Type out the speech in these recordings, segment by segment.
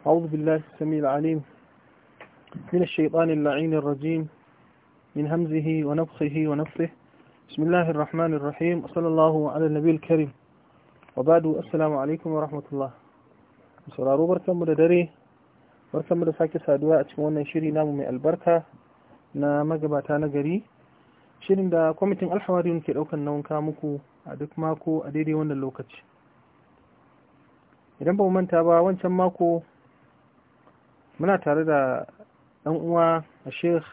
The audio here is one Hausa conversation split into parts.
أعوذ بالله السميع العليم من الشيطان اللعين الرجيم من همزه ونفخه ونفثه بسم الله الرحمن الرحيم وصلى الله على النبي الكريم وبعد السلام عليكم ورحمة الله sauraro barkanmu da dare barkanmu da sake saduwa a cikin wannan shiri namu mai albarka na magabata na gari shirin da kwamitin alhawariyun ke daukan na wanka muku a duk mako a daidai wannan lokaci idan ba manta ba wancan mako muna tare da ɗan uwa a sheikh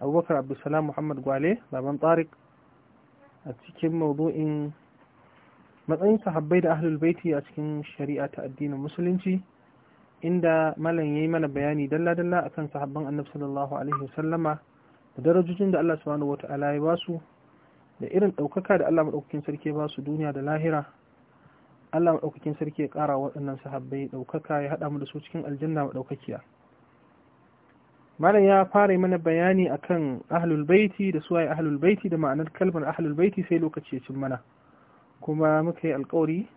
abubakar abdulsalam muhammad gwale baban tsarik a cikin maudu'in matsayin sahabbai da ahlul baiti a cikin shari'a ta addinin musulunci inda malam yayi mana bayani dalla-dalla akan sahabban annabi sallallahu alaihi wasallama da darajojin da Allah subhanahu wata ya basu da irin ɗaukaka da Allah maɗaukakin sarki basu duniya da lahira Allah maɗaukakin sarki ya ƙara waɗannan sahabbai ɗaukaka ya haɗa mu da su cikin aljanna maɗaukakiya malam ya fara mana bayani akan ahlul baiti da suwaye ahlul baiti da ma'anar kalmar ahlul baiti sai lokaci ya cin mana kuma muka yi alƙawari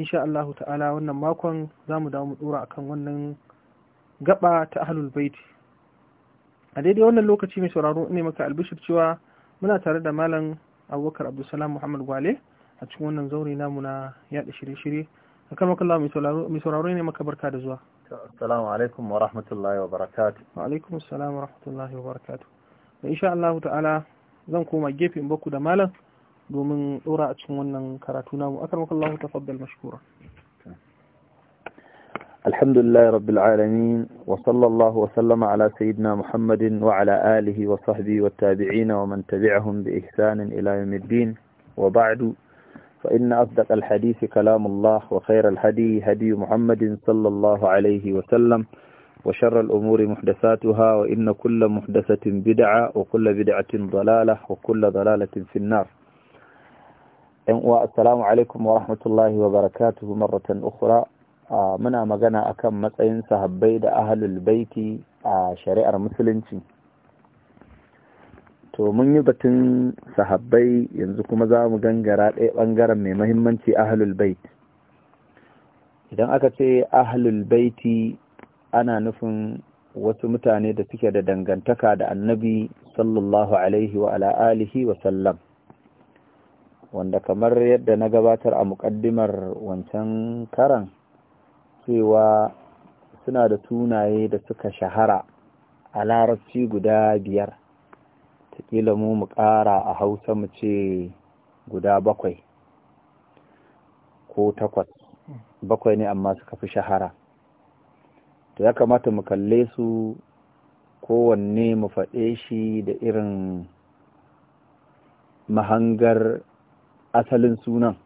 insha Allah ta'ala wannan makon zamu mu dawo mu dora akan wannan gaba ta ahlul baiti a daidai wannan lokaci mai sauraro ne maka albishir cewa muna tare da malam abubakar abdulsalam muhammad gwale a cikin wannan zaure namu na yaɗa shirye-shirye a kan makalla mai sauraro ne maka barka da zuwa assalamu alaikum wa rahmatullahi wa barakatu wa alaikum assalam wa rahmatullahi wa barakatu da insha Allah ta'ala zan koma gefe in baku da malam domin dora a cikin wannan karatu namu akan makalla tafaddal mashkura الحمد لله رب العالمين وصلى الله وسلم على سيدنا محمد وعلى آله وصحبه والتابعين ومن تبعهم بإحسان إلى يوم الدين وبعد فإن أصدق الحديث كلام الله وخير الهدي هدي محمد صلى الله عليه وسلم وشر الأمور محدثاتها وإن كل محدثة بدعة وكل بدعة ضلالة وكل ضلالة في النار السلام عليكم ورحمة الله وبركاته مرة أخرى muna magana akan matsayin sahabbai da ahalul baiti a shari'ar musulunci to mun yi batun sahabbai yanzu kuma za mu gangara ɗaya ɓangaren mai mahimmanci ahlul bait idan aka ce ahlul baiti ana nufin wasu mutane da suke da dangantaka da annabi sallallahu alaihi wa ala alihi wa sallam wanda kamar yadda na gabatar a muƙaddimar wancan karan cewa suna da tunaye da suka shahara a larabci guda biyar taƙila mu mu ƙara a hausa mu ce guda bakwai ko takwas bakwai ne amma suka fi shahara to ya kamata mu kalle su kowanne mu faɗe shi da irin mahangar asalin sunan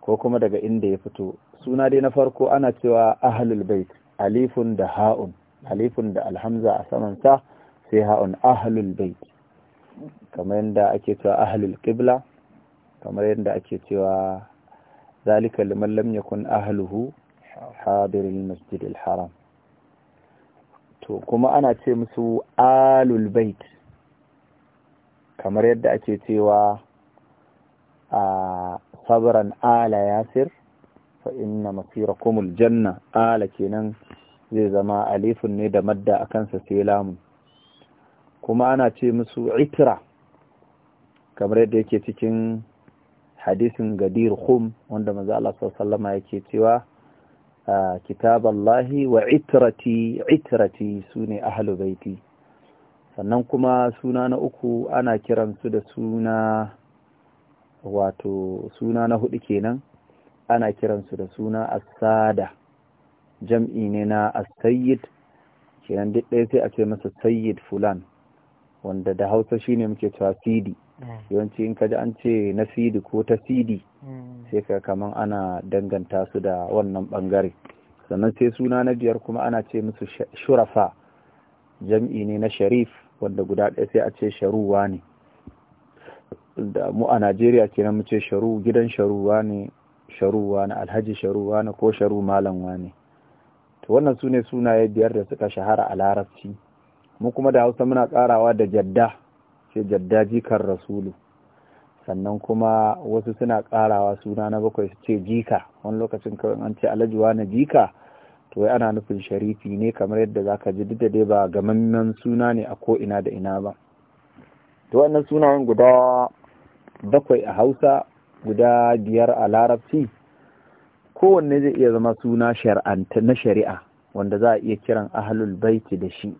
ko kuma daga inda ya fito suna dai na farko ana cewa ahalul bait alifun da ha'un alifun da alhamza a samansa sai ha'un ahlul bait kamar yadda ake cewa ahlul qibla kamar yadda ake cewa zalika liman lam yakun ahluhu hadirul masjidil haram to kuma ana ce musu alul bait kamar yadda ake cewa a sabran ala yasir fa inna masirakumul janna ala kenan zai zama alifun ne da madda akan sa sai lamun. kuma ana ce musu itira kamar yadda yake cikin hadisin gadir khum wanda maza Allah sallama yake cewa ah, Allahi wa itrati su ne ahlu baiti sannan kuma suna na uku ana kiransu da suna wato suna na hudu kenan ana kiransu da suna asada jam'i ne na asayid kenan duk ɗaya sai a ce masa sayid fulan wanda da hausa shine muke cewa cd mm. yawanci in kaji an ce na cd ko ta cd mm. sai ka kaman ana danganta su da wannan bangare sannan sai suna na biyar kuma ana ce musu shurafa jam'i ne na sharif wanda guda ɗaya sai a ce sharuwa ne da mu a najeriya kenan mu ce sharu gidan sharuwa ne sharuwa na alhaji sharuwa na ko sharu malam ne to wannan su ne sunaye biyar da suka shahara a larabci mu kuma da hausa muna karawa da jadda ce jadda jikar rasulu sannan kuma wasu suna karawa suna na bakwai su ce jika wani lokacin kawai an ce alajuwa na jika to wai ana nufin sharifi ne kamar yadda zaka ji duk da dai ba gamammen suna ne a ko ina da ina ba to wannan sunayen guda bakwai a hausa guda biyar a larabci kowanne zai iya zama suna na shari'a wanda za a iya kiran ahlul baiti da shi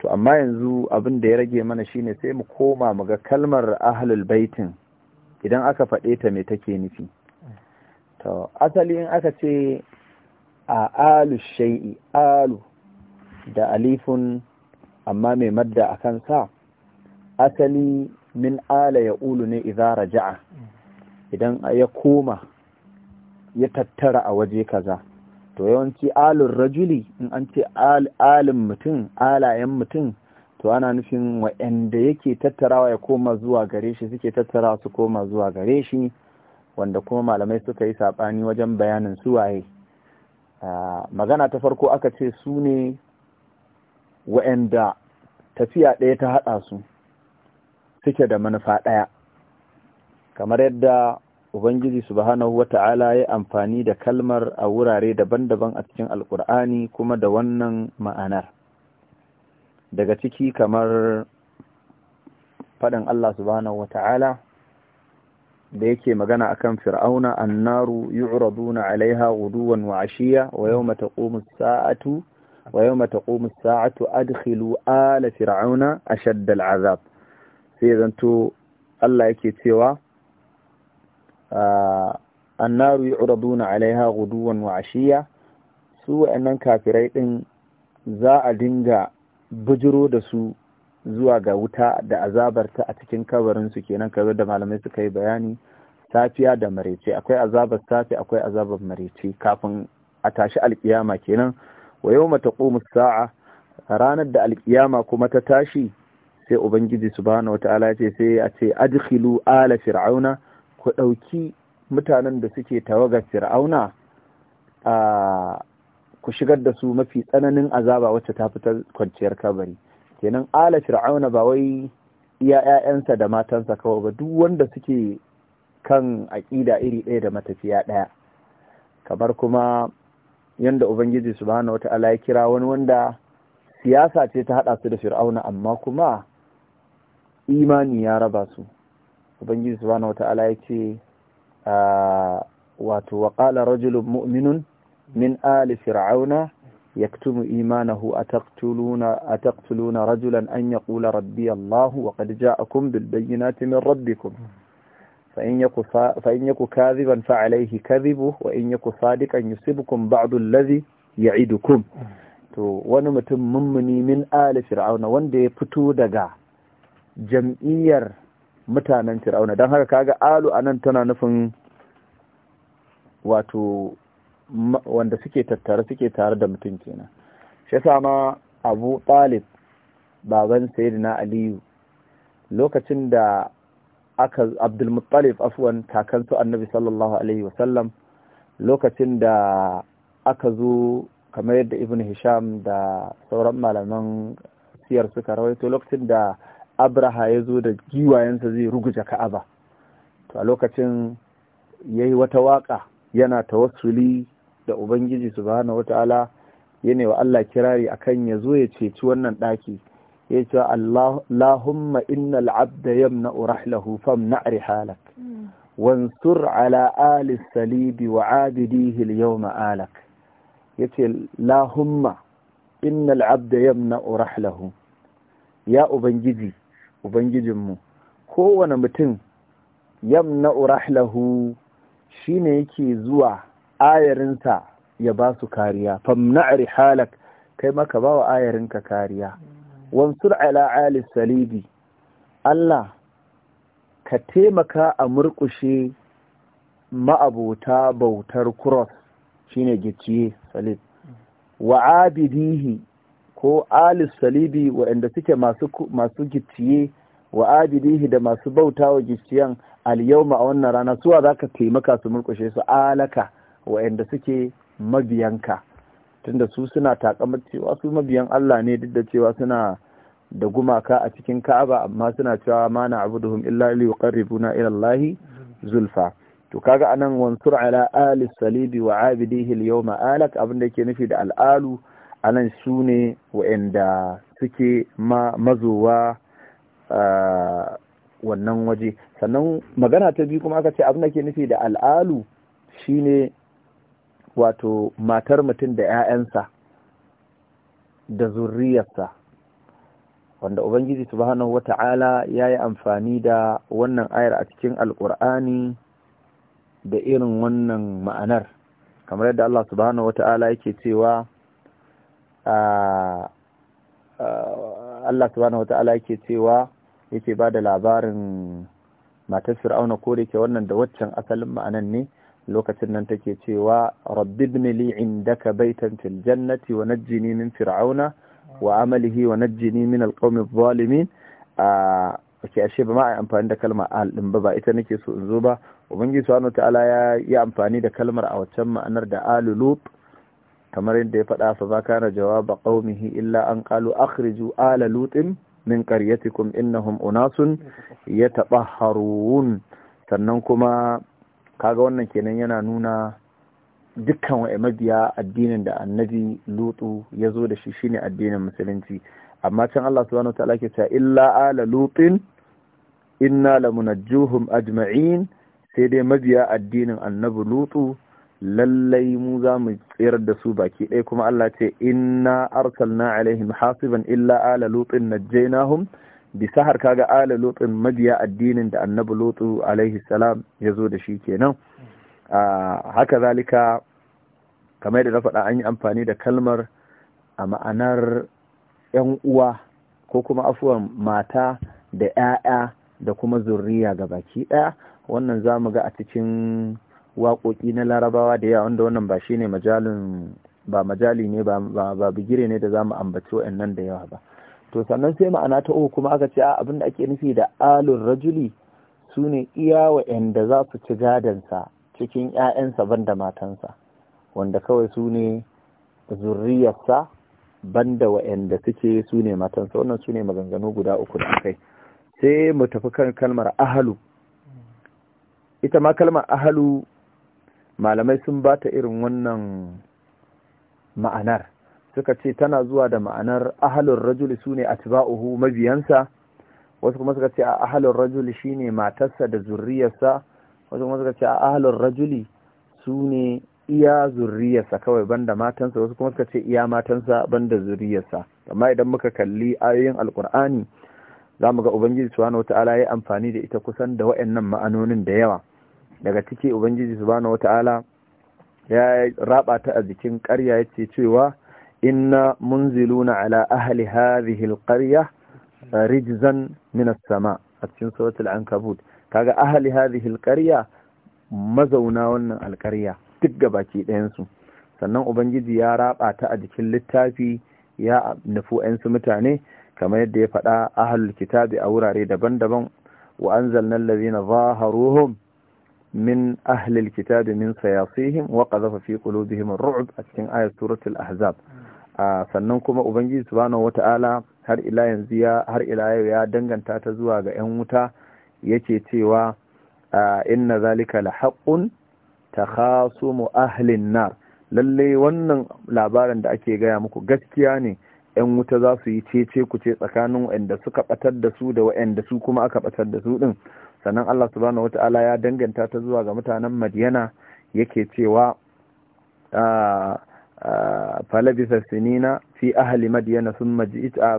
to amma yanzu abin da ya rage mana shine sai mu koma mu ga kalmar ahlul baitin idan aka faɗe ta me take nufi to asali in aka ce a alu shay'i alu da alifun amma mai madda a sa asali min ala ya ulu ne idza raja'a idan ya koma ya tattara a waje kaza to yawanci alin rajuli in an ce alin mutum alayen mutum to ana nufin wa'anda yake tattarawa ya koma zuwa gare shi suke tattarawa su koma zuwa gare shi wanda kuma malamai suka yi saɓani wajen bayanin suwaye magana ta farko aka ce su ne wa'anda tafiya ɗaya ta haɗa su suke da manufa ɗaya kamar yadda ubangiji subhanahu ta’ala ya amfani da kalmar a wurare daban-daban a cikin alkur'ani kuma da wannan ma'anar daga ciki kamar faɗin Allah subhanahu ta’ala da yake magana a kan fir'auna annaru yu'raduna 'alaiha ghuduwan wa 'ashiya wa yau mata as-sa'atu wa yau taqumu saatu ala fir'auna a shaddal azab sai zanto Allah yake cewa annaru yu'raduna alaiha guduwan wa ashiya su wa'annan kafirai din za a dinga bujiro da su zuwa ga wuta da azabarta a cikin kabarinsu kenan kaza da malamai suka yi bayani safiya da marece akwai azabar safi akwai azabar marece kafin a tashi alkiyama kenan wa yau mata sa'a ranar da alkiyama kuma ta tashi sai ubangiji subhanahu wataala ya ce sai a ce adkhilu ala fir'auna ku ɗauki mutanen da suke tawagar fir'auna a ku shigar da su mafi tsananin azaba wacce ta fitar kwanciyar kabari kenan ala fir'auna ba wai iya ƴaƴansa da matansa kawai ba duk wanda suke kan aƙida iri ɗaya da matafiya ɗaya kamar kuma yadda ubangiji subhanahu wata'ala ya kira wani wanda siyasa ce ta haɗa su da fir'auna amma kuma imani ya raba su ubangiji subhanahu wata'ala ya ce ah, wato waƙala rajulun mu'minun min ali fir'auna yaktumu imanahu a taktuluna rajulan an yaqula rabbi allah wa qad ja'akum bil bayyinati min rabbikum فإن يك فإن يك كاذبا فعليه كذبه وإن يك صادقا يصيبكم بعض الذي يعدكم to wani mutum mummuni min ali fir'auna wanda ya fito daga jam'iyyar mutanen fir'auna don haka kaga alu nan tana nufin wato wanda suke tattare suke tare da mutum kenan shi yasa Abu Talib baban Sayyidina Aliyu lokacin da aka Abdul afwan kakansu Annabi sallallahu alaihi wasallam lokacin da aka zo kamar yadda Ibn Hisham da sauran malaman siyar suka rawaito lokacin da abraha ya zo da giwayensa zai ruguja ka'aba to a lokacin ya yi wata waƙa yana tawassuli da ubangiji su ba subhanahu wata'ala yana wa Allah kirari akan ya zo ya ceci wannan ɗaki ya ce Allahumma innal abda yamna urahlahu na arihalak wansur ala ali salibi wa abidihi yau yawma alak yace Allahumma al’abda yam na urahlahu ya ubangiji ubangijinmu kowane mutum yam na urahlahu shine yake zuwa ayarinsa ya ba su kariya famna halak kai maka ba wa ayarinka kariya wansur ala ali salibi Allah ka taimaka a murkushe ma'abota bautar shi shine gicciye salib wa abidihi ko alis salibi waɗanda suke masu gicciye wa abidihi da masu bauta wa gicciyan alyawma a wannan rana suwa za ka taimaka su murkushe su alaka waɗanda suke mabiyanka tunda su suna takamar cewa su mabiyan Allah ne duk da cewa suna da gumaka a cikin Ka'aba amma suna cewa ma na abuduhum illa li yuqarribuna ila Allah zulfa to kaga anan wansur ala ali salibi wa abidihi al alak abin yake nufi da al'alu anan su ne wa'anda suke mazowa wannan waje sannan magana ta biyu kuma aka ce abin da ke nufi da al'alu shine wato matar mutum da 'ya'yansa da zurriyarsa wanda ubangiji subhanahu wata'ala ya yi amfani da wannan ayar a cikin alkur'ani da irin wannan ma'anar kamar yadda Allah subhanahu wata'ala yake cewa Allah subhanahu wata'ala yake cewa yake ba da labarin matar fir'auna ko da ke wannan da waccan asalin ma'anan ne lokacin nan take cewa rabbibni li indaka baitan fil jannati wa najjini min fir'auna wa amalihi wa najjini min alqawmi adh-dhalimin ake ashe ba ma a amfani da kalmar al din ba ba ita nake so in zo ba ubangiji subhanahu wata'ala ya yi amfani da kalmar a waccan ma'anar da alu kamar yadda ya faɗa fa ma kana jawaba qaumihi illa an qalu akhriju ala lutin min qaryatikum innahum unasun yatabaharun sannan kuma kaga wannan kenan yana nuna dukkan wa'i mabiya addinin da annabi lutu ya zo da shi shine addinin musulunci amma can Allah subhanahu wataala ke cewa illa ala lutin inna lamunajjuhum ajma'in sai dai mabiya addinin annabi lutu lallai mu za mu tsayar da su baki ɗaya kuma Allah ce inna arsalna alaihim hasiban illa ala lutin najjaynahum bi sahar kaga ala lutin mabiya addinin da annabi lutu alaihi salam ya zo da shi kenan haka zalika kamar da na faɗa an yi amfani da kalmar a ma'anar yan uwa ko kuma afuwan mata da 'ya'ya da kuma zurriya ga baki ɗaya wannan za mu ga a cikin waƙoƙi na larabawa da yawa wanda wannan ba shi ne majalin ba majali ne ba bigire ne da za mu ambaci wa'annan da yawa ba to sannan sai ma'ana ta uku kuma aka ce a abin da ake nufi da alun rajuli su ne iya wa'anda za su ci gadansa cikin 'ya'yansa banda matansa wanda kawai su ne zurriyarsa banda wa'anda suke su ne matansa wannan su ne maganganu guda uku da kai sai mu tafi kan kalmar ahalu ita ma kalmar ahalu malamai sun ba ta irin wannan ma'anar suka ce tana zuwa da ma'anar ahalun rajuli su ne a tiba'uhu mabiyansa wasu kuma suka ce a ahalin rajuli shi ne matarsa da zurriyarsa wasu kuma suka ce a ahalin rajuli su ne iya zurriyarsa kawai banda matansa wasu kuma suka ce iya matansa banda zurriyarsa amma idan muka kalli ayoyin alkur'ani za mu ga ubangiji subhanahu wata'ala ya amfani da ita kusan da waɗannan ma'anonin da yawa daga ciki ubangiji subhanahu wataala ya raba ta a jikin ƙarya yace cewa inna munziluna ala ahli hadhihi alqarya rijzan min as-sama a cikin suratul ankabut kaga ahli hadhihi alqarya mazauna wannan alkarya duk gabaki ɗayan su sannan ubangiji ya raba ta a jikin littafi ya nufu 'yansu mutane kamar yadda ya faɗa ahlul kitabi a wurare daban-daban wa anzalna allazina zaharuhum min ahlil kitabi min sayasihim wa qadhafa fi qulubihim ar-ru'b a cikin ay'ar suratul ahzab sannan kuma ubangiji subhanahu wata'ala har ila yanzu ya har ila yau ya danganta ta zuwa ga yan wuta yake cewa inna zalika la haqqun takhasumu ahlin nar lalle wannan labarin da ake gaya muku gaskiya ne yan wuta za su yi cece ku ce tsakanin wa'anda suka batar da su da wa'anda su kuma aka batar da su din sannan Allah subhanahu wata'ala ya danganta ta zuwa ga mutanen Madiyana yake cewa ah, ah, ah, Falabista sinina fi ahli madiyana thumma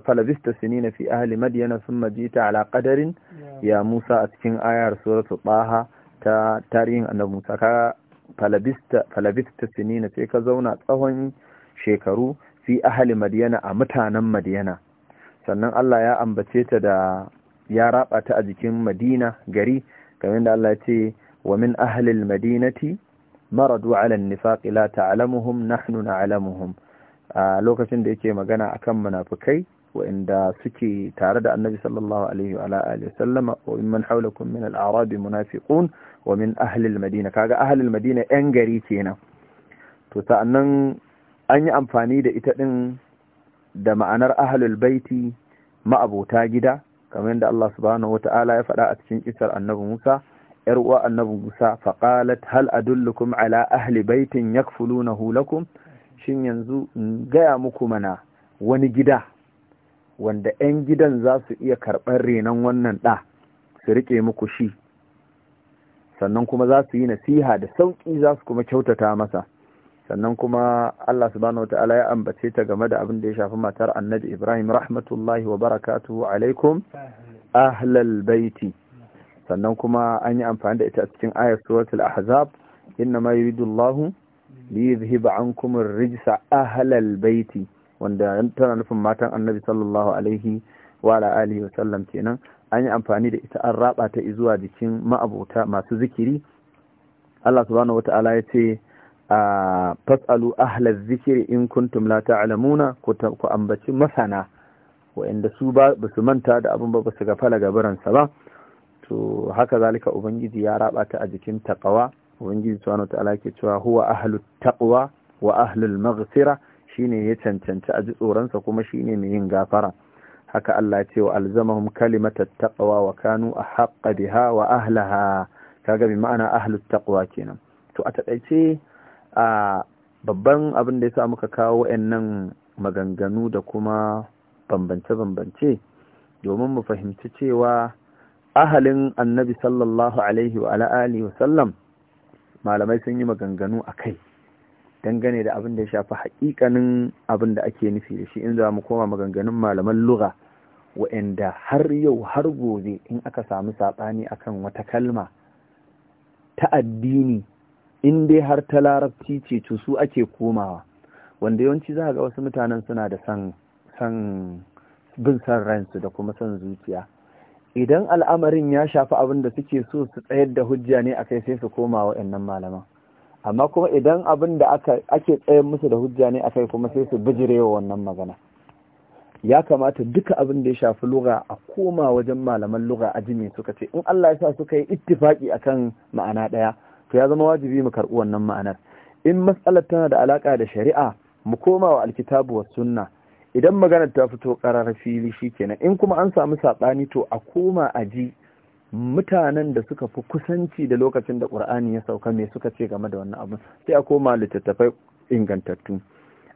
falabista sinina fi ahli madiyana sun ji'ta ala qadarin ya Musa a cikin ayar suratul Baha ta tarihin annabi Musa ka falabista sinina sai ka zauna tsawon shekaru fi ahli madiyana a mutanen madiyana sannan Allah ya ambace ta da ya raba ta a jikin madina gari kamar da Allah ce wa min ahlil madinati maradu ala nifaq la ta'lamuhum nahnu na'lamuhum a lokacin da yake magana akan munafikai inda suke tare da annabi sallallahu alaihi wa alihi sallama wa mimman hawlakum min al-a'rab munafiqun wa min ahli al-madina kaga ahli al-madina yan gari kenan to sa'annan an yi amfani da ita din da ma'anar ahlul baiti ma'abota gida kamar yadda Allah subhanahu wata'ala ya faɗa a cikin kisar annabi Musa yar uwa annabi Musa faqalat hal adullukum ala ahli baitin yakfulunahu lakum shin yanzu gaya muku mana wani gida wanda 'yan gidan za su iya karɓar renon wannan ɗa su riƙe muku shi sannan kuma za su yi nasiha da sauƙi za su kuma kyautata masa sannan kuma Allah subhanahu wata'ala ya ambace ta game da abin da ya shafi matar annabi Ibrahim rahmatullahi wa barakatuhu alaikum ahlal baiti sannan kuma an yi amfani da ita a cikin ayar suratul ahzab inna ma yuridu Allah li yuzhiba ankum ar-rijsa ahlal baiti wanda tana nufin matan annabi sallallahu alaihi wa ala alihi sallam kenan an yi amfani da ita an raba ta zuwa jikin ma'abota masu zikiri Allah subhanahu wata'ala ya ce a fasalu ahla zikiri in kuntum la ta'lamuna ku ambaci masana wa'anda su ba su manta da abun ba ba su gafala gabaransa ba to haka zalika ubangiji ya raba ta a jikin taqwa ubangiji subhanahu ta'ala yake cewa huwa ahlut taqwa wa ahlul maghfira shine ya cancanci a ji tsoronsa kuma shine mai yin gafara haka Allah ya ce wa alzamahum kalimata taqwa wa kanu ahqqa biha wa ahlaha kaga bi ma'ana ahlut taqwa kenan to a takaice a babban abin da ya sa muka kawo nan maganganu da kuma bambance-bambance domin mu fahimci cewa ahalin annabi sallallahu alaihi wa wasallam malamai sun yi maganganu a kai dangane da abin da ya shafi haƙiƙanin abin da ake nufi da shi in za mu koma maganganun malaman lura wa'anda har yau har gobe in aka samu saɓani akan wata kalma ta addini in dai har ta larabci ce to su ake komawa wanda yawanci za a ga wasu mutanen suna da san bin san ransu da kuma san zuciya idan al'amarin ya shafi abin da suke so su tsayar da hujja ne akai sai su koma waɗannan malaman amma kuma idan abin da ake tsayar musu da hujja ne akai kuma sai su bijirewa wannan magana ya kamata duka abin da ya shafi lura a koma wajen malaman lura a jimi suka ce in Allah ya sa suka yi ittifaki akan ma'ana ɗaya to ya zama wajibi mu karɓi wannan ma'anar in matsalar tana da alaƙa da shari'a mu koma wa alkitabu wa sunna idan magana ta fito ƙarar fili shikenan in kuma an samu saɓani to a koma a ji mutanen da suka fi kusanci da lokacin da ƙur'ani ya sauka me suka ce game da wannan abin sai a koma littattafai ingantattu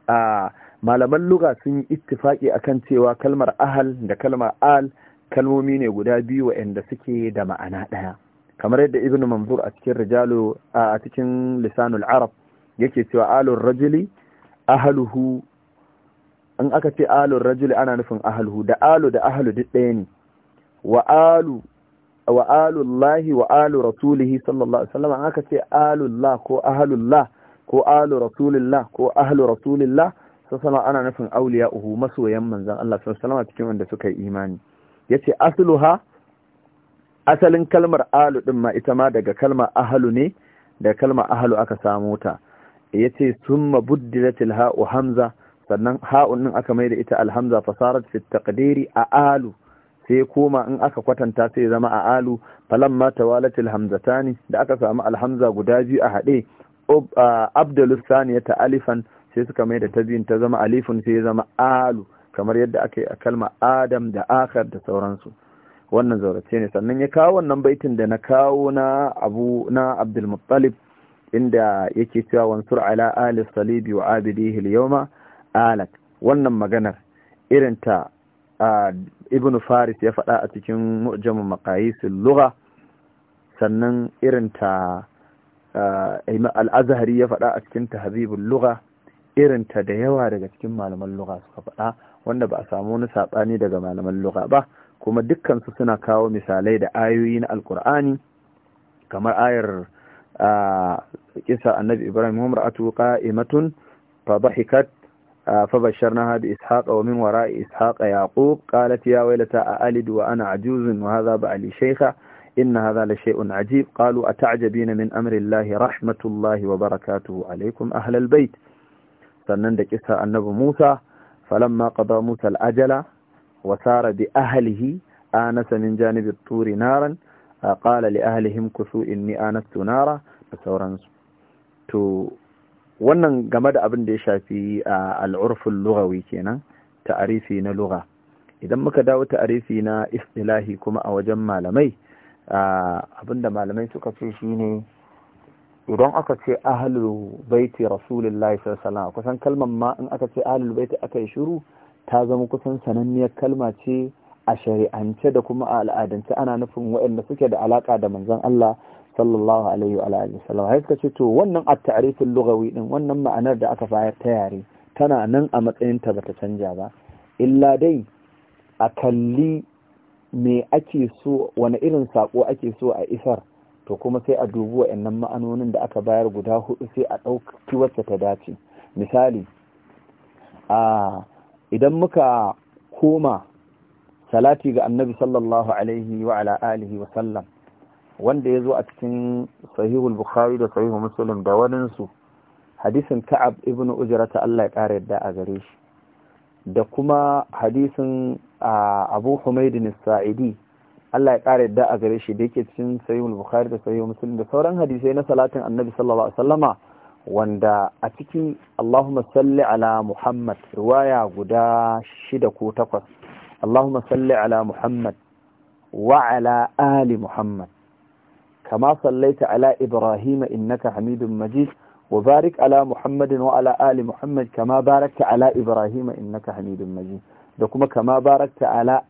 a malaman luga sun yi ittifaki akan cewa kalmar ahal da kalmar al kalmomi ne guda biyu waɗanda suke da ma'ana ɗaya kamar yadda ibn manzur a cikin rijalu a cikin lisanul arab yake cewa alur rajuli ahluhu in aka ce alur rajuli ana nufin ahluhu da alu da ahlu duk ɗaya ne wa alu wa alullahi wa alu rasulihi sallallahu alaihi wasallam aka ce alullah ko ahlullah ko alu rasulillah ko ahlu rasulillah sallallahu ana nufin auliya'uhu masoyan manzon Allah sallallahu alaihi wasallam cikin wanda suka yi imani yace asluha asalin kalmar alu din ma ita ma daga kalmar ahalu ne da kalmar ahalu aka samu ta yace summa buddilatil ha'u hamza sannan ha'un din aka mai da ita alhamza fasarat fi a alu sai koma in aka kwatanta sai zama a alu falamma tawalatil hamzatani da aka samu alhamza guda biyu a hade abdulus ta alifan sai suka mai da ta ta zama alifun sai zama alu kamar yadda aka yi a kalma adam da akhar da sauransu wannan zaurace ne sannan ya kawo wannan baitin da na kawo na abu na muttalib inda yake cewa wansur ala ali salibi wa abidihi al-yawma alak wannan maganar irin ta ibn faris ya faɗa a cikin mu'jamul maqayisil lugha sannan irin ta al-azhari ya faɗa a cikin tahzibul lugha irin ta da yawa daga cikin malaman lugha suka faɗa wanda ba a samu wani saɓani daga malaman lugha ba kuma dukkansu suna kawo misalai da ayoyi na alkur'ani kamar ayar a kisa annabi ibrahim umar atu qa'imatun fa dhahikat fa basharna hadi ishaqa wa min wara'i ishaqa yaqub qalat wailata a alid wa ana ajuzun wa ba ali shaykha in hadha la shay'un ajib qalu atajabina min amrillahi allahi rahmatullahi wa barakatuhu alaykum ahlal bayt sannan da kisa annabi musa falamma qada musa al ajala وسار بأهله آنس من جانب الطور نارا قال لأهلهم كسو إني آنست نارا sauransu تو wannan game da abin da ya shafi a al'urfin lugawi kenan ta'arifi na lugha idan muka dawo ta'arifi na istilahi kuma a wajen malamai abinda da malamai suka ce shine idan aka ce ahlul baiti rasulullahi sallallahu alaihi wasallam kusan kalmar ma in aka ce ahlul baiti aka yi shiru ta zama kusan sananniyar kalma ce a shari'ance da kuma a al'adance ana nufin waɗanda suke da alaka da manzon Allah sallallahu alaihi wa alihi ce to wannan at-ta'rifin lugawi din wannan ma'anar da aka bayar ta yare tana nan a matsayin ta bata canja ba illa dai a kalli me ake so wani irin sako ake so a isar to kuma sai a dubi wa'annan ma'anonin da aka bayar guda hudu sai a ɗauki wacce ta dace misali a idan muka koma salati ga annabi sallallahu alaihi wa ala alihi wa sallam wanda ya zo a cikin sahihul bukhari da sahihul muslim da waninsu hadisin ka'ab ibn ujrata Allah ya ƙara yadda a gare shi da kuma hadisin abu humaydin sa'idi Allah ya ƙara yadda a gare shi da yake cikin sahihul bukhari da sahihul muslim da sauran hadisai na salatin annabi sallallahu alaihi wa sallama wanda a ciki Allahumma salli ala Muhammad riwaya guda shida ko takwas Allahumma salli ala Muhammad wa ala ali Muhammad kama sallaita ala Ibrahim innaka Hamidum Majid wa barik ala muhammad wa ala ali Muhammad kama barakta ala Ibrahim innaka Hamidum Majid da kuma kama barakta ala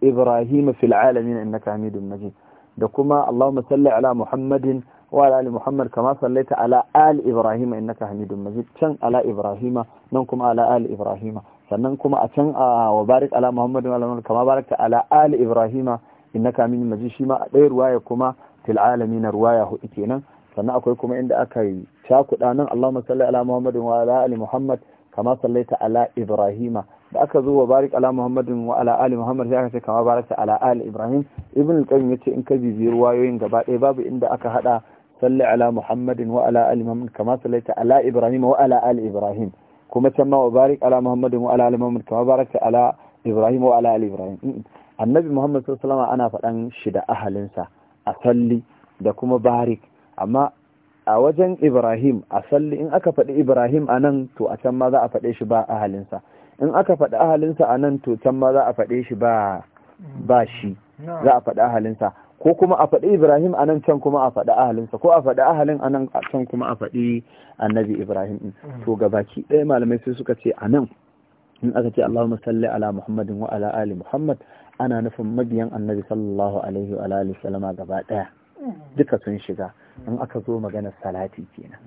Ibrahim fil alamin innaka Hamidum Majid da kuma Allahumma salli ala Muhammadin wa ali muhammad kama sallaita ala ali ibrahima innaka hamidun majid can ala ibrahima nan kuma ala ali ibrahima sannan kuma a can a wa barik ala muhammad wa ala kama barakta ala ali ibrahima innaka hamidun majid shi ma a ɗaya ruwaya kuma til alamina ruwaya hudu kenan sannan akwai kuma inda aka yi cakuɗa nan allahumma salli ala muhammad wa ala ali muhammad kama sallaita ala ibrahima da aka zo wa barik ala muhammad wa ala ali muhammad sai aka ce kama barakta ala ali ibrahim ibn al-qayyim yace in ka bibiyi ruwayoyin gaba ɗaya babu inda aka hada salli ala muhammadin wa ala ali muhammad kama sallaita ala ibrahim wa ala ali ibrahim kuma can wa barik ala muhammadin wa ala ali muhammad kama barakta ala ibrahim wa ala ali ibrahim annabi muhammad sallallahu alaihi ana faɗan shi da ahalinsa a salli da kuma barik amma a wajen ibrahim a salli in aka faɗi ibrahim a nan to a can ma za a faɗe shi ba ahalinsa in aka faɗi ahalinsa a nan to can ma za a faɗe shi ba ba shi za a faɗi ahalinsa ko kuma a faɗi Ibrahim a nan can kuma a faɗi ahalinsa ko a faɗi ahalin a nan can kuma a faɗi annabi Ibrahim ɗin hmm. to gabaki ɗaya malamai sai suka ce a nan in aka ce Allahumma salli ala Muhammadin wa ala ali Muhammad ana nufin mabiyan annabi sallallahu alaihi wa alihi Salama gaba ɗaya hmm. duka sun shiga in aka zo magana salati kenan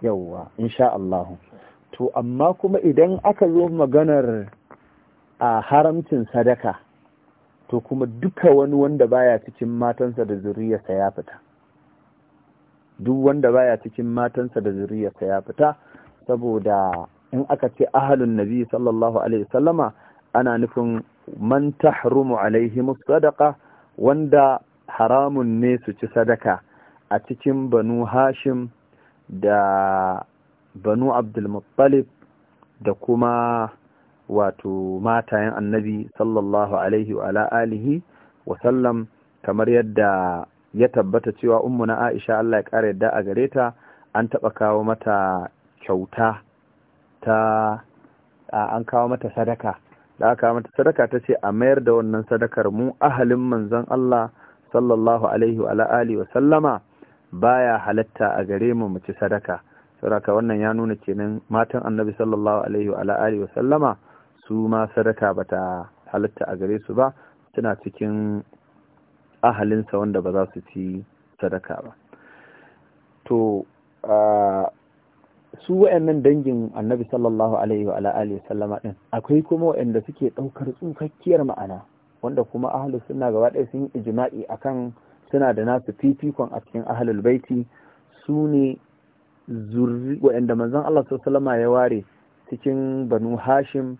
yawwa insha Allah to amma kuma idan aka zo maganar a haramcin sadaka to kuma duka wani wanda baya cikin matansa da zuriyarsa ya fita duk wanda baya cikin matansa da zuriyarsa ya fita saboda in aka ce ahalun nabi sallallahu alaihi sallama ana nufin man tahrumu alaihi sadaqa wanda haramun ne su ci sadaka a cikin banu hashim da banu Abdul abdulmuttalib da kuma wato matayen annabi sallallahu alaihi wa alihi wa sallam kamar yadda ya tabbata cewa ummu na Aisha Allah ya kare yadda a gare ta an taba kawo mata kyauta ta an kawo mata sadaka da aka mata sadaka ta ce a mayar da wannan sadakar mu ahalin manzon Allah sallallahu alaihi wa alihi wa sallama baya halatta a gare mu mu ci sadaka saboda wannan ya nuna kenan matan annabi sallallahu alaihi wa alihi wa sallama su ma sadaka ba ta halitta a gare su ba suna cikin ahalinsa wanda ba za su ci sadaka ba to su wa'annan dangin annabi sallallahu alaihi wa alihi sallama din akwai kuma wa'anda suke daukar tsukakkiyar ma'ana wanda kuma ahlus sunna gaba ɗaya sun ijma'i akan suna da nasu fifikon a cikin ahlul baiti su ne wa'anda manzon Allah sallallahu alaihi ya ware cikin banu hashim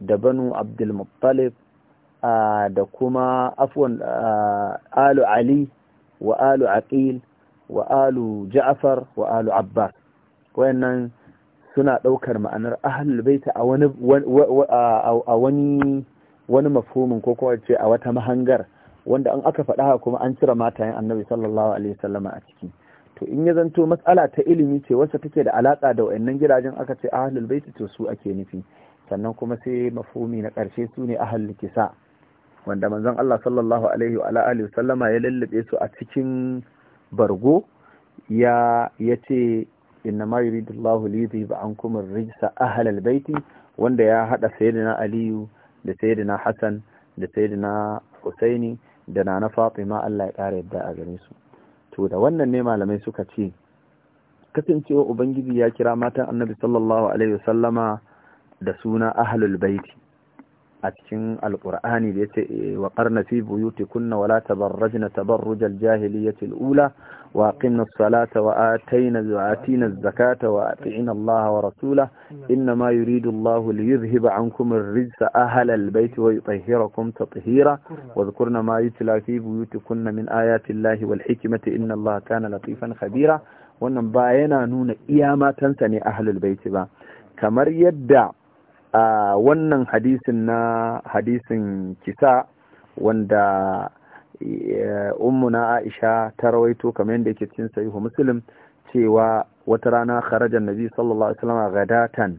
da banu abdulmuttalib da kuma afwan alu ali wa alu aqil wa alu ja'far wa alu abbas wayannan suna daukar ma'anar ahlul baita a wani a wani wani mafhumin ko kuma ce a wata mahangar wanda an aka faɗa kuma an cire matayen annabi sallallahu alaihi wasallama a ciki to in ya zanto matsala ta ilimi ce wacce take da alaka da wayannan gidajen aka ce ahlul bait to su ake nufi sannan kuma sai mafumi na ƙarshe su ne ahalul kisa wanda manzon Allah sallallahu alaihi wa alihi sallama ya lallabe su a cikin bargo ya yace inna ma yuridullahu li yudhiba ankum ar-rijsa ahlal baiti wanda ya hada sayyidina aliyu da sayyidina hasan da sayyidina husaini da nana fatima Allah ya kare yadda a gare su to da wannan ne malamai suka ce kasancewa ubangiji ya kira matan annabi sallallahu alaihi wasallama da suna ahlul baiti a cikin alqur'ani da yace wa qarna fi buyutikunna wala tabarrajna tabarruj aljahiliyyati alula wa aqimna as-salata wa atayna atina az-zakata wa atina Allah wa rasulahu inna ma yuridu Allah liyudhhiba ankum ar-rijsa ahla al-bayti wa yutahhirakum tatheera wa dhkurna ma yutla fi buyutikunna min ayati Allah wal hikmati inna Allah kana latifan khabira wannan ba yana nuna iya matansa ne ahlul bayti ba kamar yadda a wannan hadisin na hadisin kisa wanda eh, ummuna aisha ta rawaito kamar yadda yake cikin sahihu muslim cewa wata rana kharajan nabi sallallahu alaihi wasallam gadatan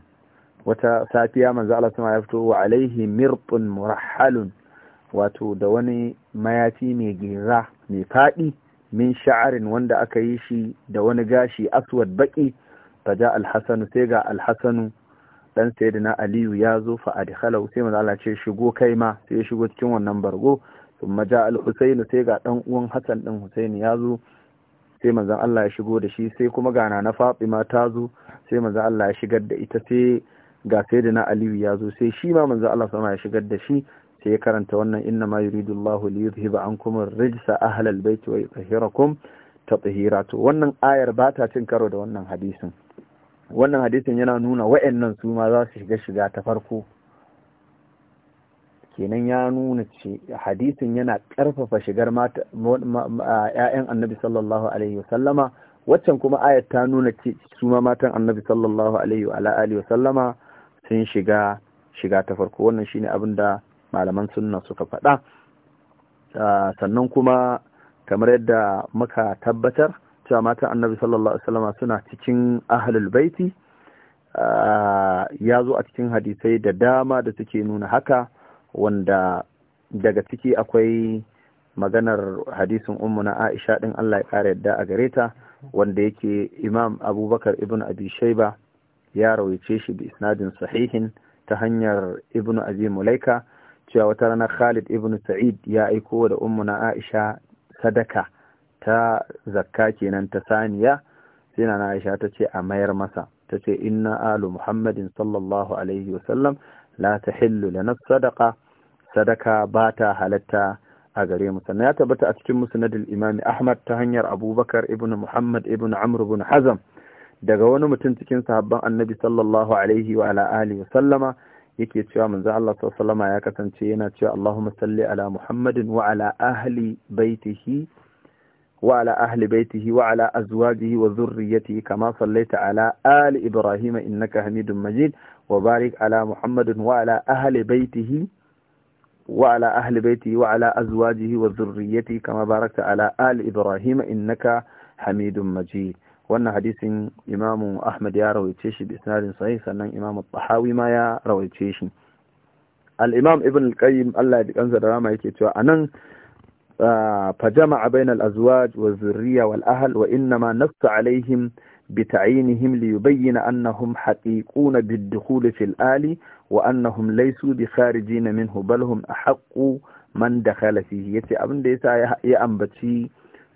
wata safiya manzo Allah sama ya fito wa alaihi mirtun murhalun wato da wani mayafi mai gira mai fadi min sha'arin wanda aka yi shi da wani gashi aswad baki faja alhasanu sai ga alhasanu dan sayyidina aliyu ya zo fa adkhalahu sai manzo Allah ce shigo kai ma sai ya shigo cikin wannan bargo thumma ja al husayn sai ga dan uwan hasan din husayn ya zo sai manzo Allah ya shigo da shi sai kuma gana na fatima ta zo sai manzo Allah ya shigar da ita sai ga sayyidina aliyu ya zo sai shi ma manzo Allah sama ya shigar da shi sai ya karanta wannan inna ma yuridu Allahu li yuzhiba ankum ar-rijsa ahlal bayti wa yutahhirakum tatheera to wannan ayar ba ta cin karo da wannan hadisin wannan hadisin yana nuna wa'annan su ma za su shiga shiga ta farko kenan ya nuna ce hadisin yana ƙarfafa shigar ‘ya'yan annabi sallallahu alaihi wasallama waccan kuma ayat ta nuna ce su ma matan annabi sallallahu alaihi wasallama sun shiga shiga ta farko wannan shi ne abin da malaman sunna suka faɗa sannan kuma kamar yadda muka tabbatar cewa matan annabi sallallahu alaihi wasallama suna cikin ahlul baiti ah, ya zo a cikin hadisai da dama da suke nuna haka wanda daga ciki akwai maganar hadisin ummu na Aisha din Allah ya kare yadda a gare ta wanda yake Imam Abubakar ibn Abi Shayba ya rawaice shi bi isnadin sahihin ta hanyar Ibn Abi Mulaika cewa wata rana Khalid ibn Sa'id ya aiko da ummu na Aisha sadaka ta zakka kenan ta saniya sai na Aisha ta ce a mayar masa ta ce inna alu Muhammadin sallallahu alaihi wasallam la tahillu lana sadaqa sadaka ba ta halatta a gare mu sannan ya tabbata a cikin musnadul imami Ahmad ta hanyar Abubakar ibn Muhammad ibn Amr ibn Hazm daga wani mutum cikin sahabban Annabi sallallahu alaihi wa ala alihi wasallama yake cewa manzo Allah sallallahu alaihi ya kasance yana cewa Allahumma salli ala Muhammadin wa ala ahli baitihi وعلى أهل بيته وعلى أزواجه وذريته كما صليت على آل إبراهيم إنك حميد مجيد وبارك على محمد وعلى أهل بيته وعلى أهل بيته وعلى أزواجه وذريته كما باركت على آل إبراهيم إنك حميد مجيد wannan hadisin imamu ahmad ya rawaice shi bi isnadin sahih sannan imamu tahawi ma ya rawaice shi al-imam ibn al-qayyim Allah ya dikansa da rama yake cewa anan fa jama'a bayna azwaj wa zurriya wal ahl wa innama ma nasta alaihim bi ta'yinihim li yubayyana annahum haqiquna bi dukhul fi al-ali wa annahum laysu bi kharijin minhu bal a ahqqu man dakhala fihi yati abunda yasa ya ambaci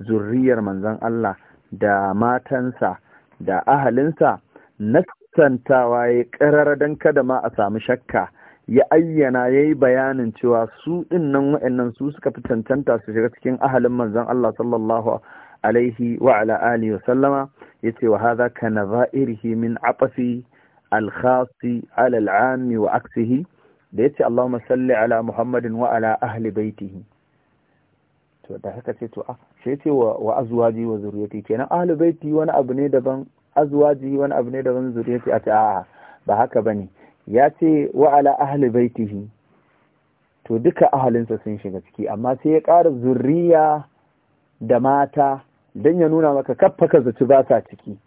zuriyar manzan Allah da matansa da ahlinsa nasantawa ya qarar dan kada ma a samu shakka ya ayyana ya yi bayanin cewa su ɗin nan wa'annan su suka fi cancanta su shiga cikin ahalin manzan Allah sallallahu alaihi wa ala alihi wa sallama ya ce wa haza ka na za'irhi min aƙafi alkhasi alal'ami wa aksihi da ya ce Allah salli ala Muhammadin wa ala ahli baitihi to da haka ce to a ah, shi ce wa azwaji wa zuriyati kenan ahli baiti wani abu ne daban azwaji wani abu ne daban zuriyati a ta a'a ba haka bane ya ce wa ala ahli baitihi to duka ahalinsa sun shiga ciki amma sai ya ƙara zurriya da mata don ya nuna maka kaffa ka zaci ba sa ciki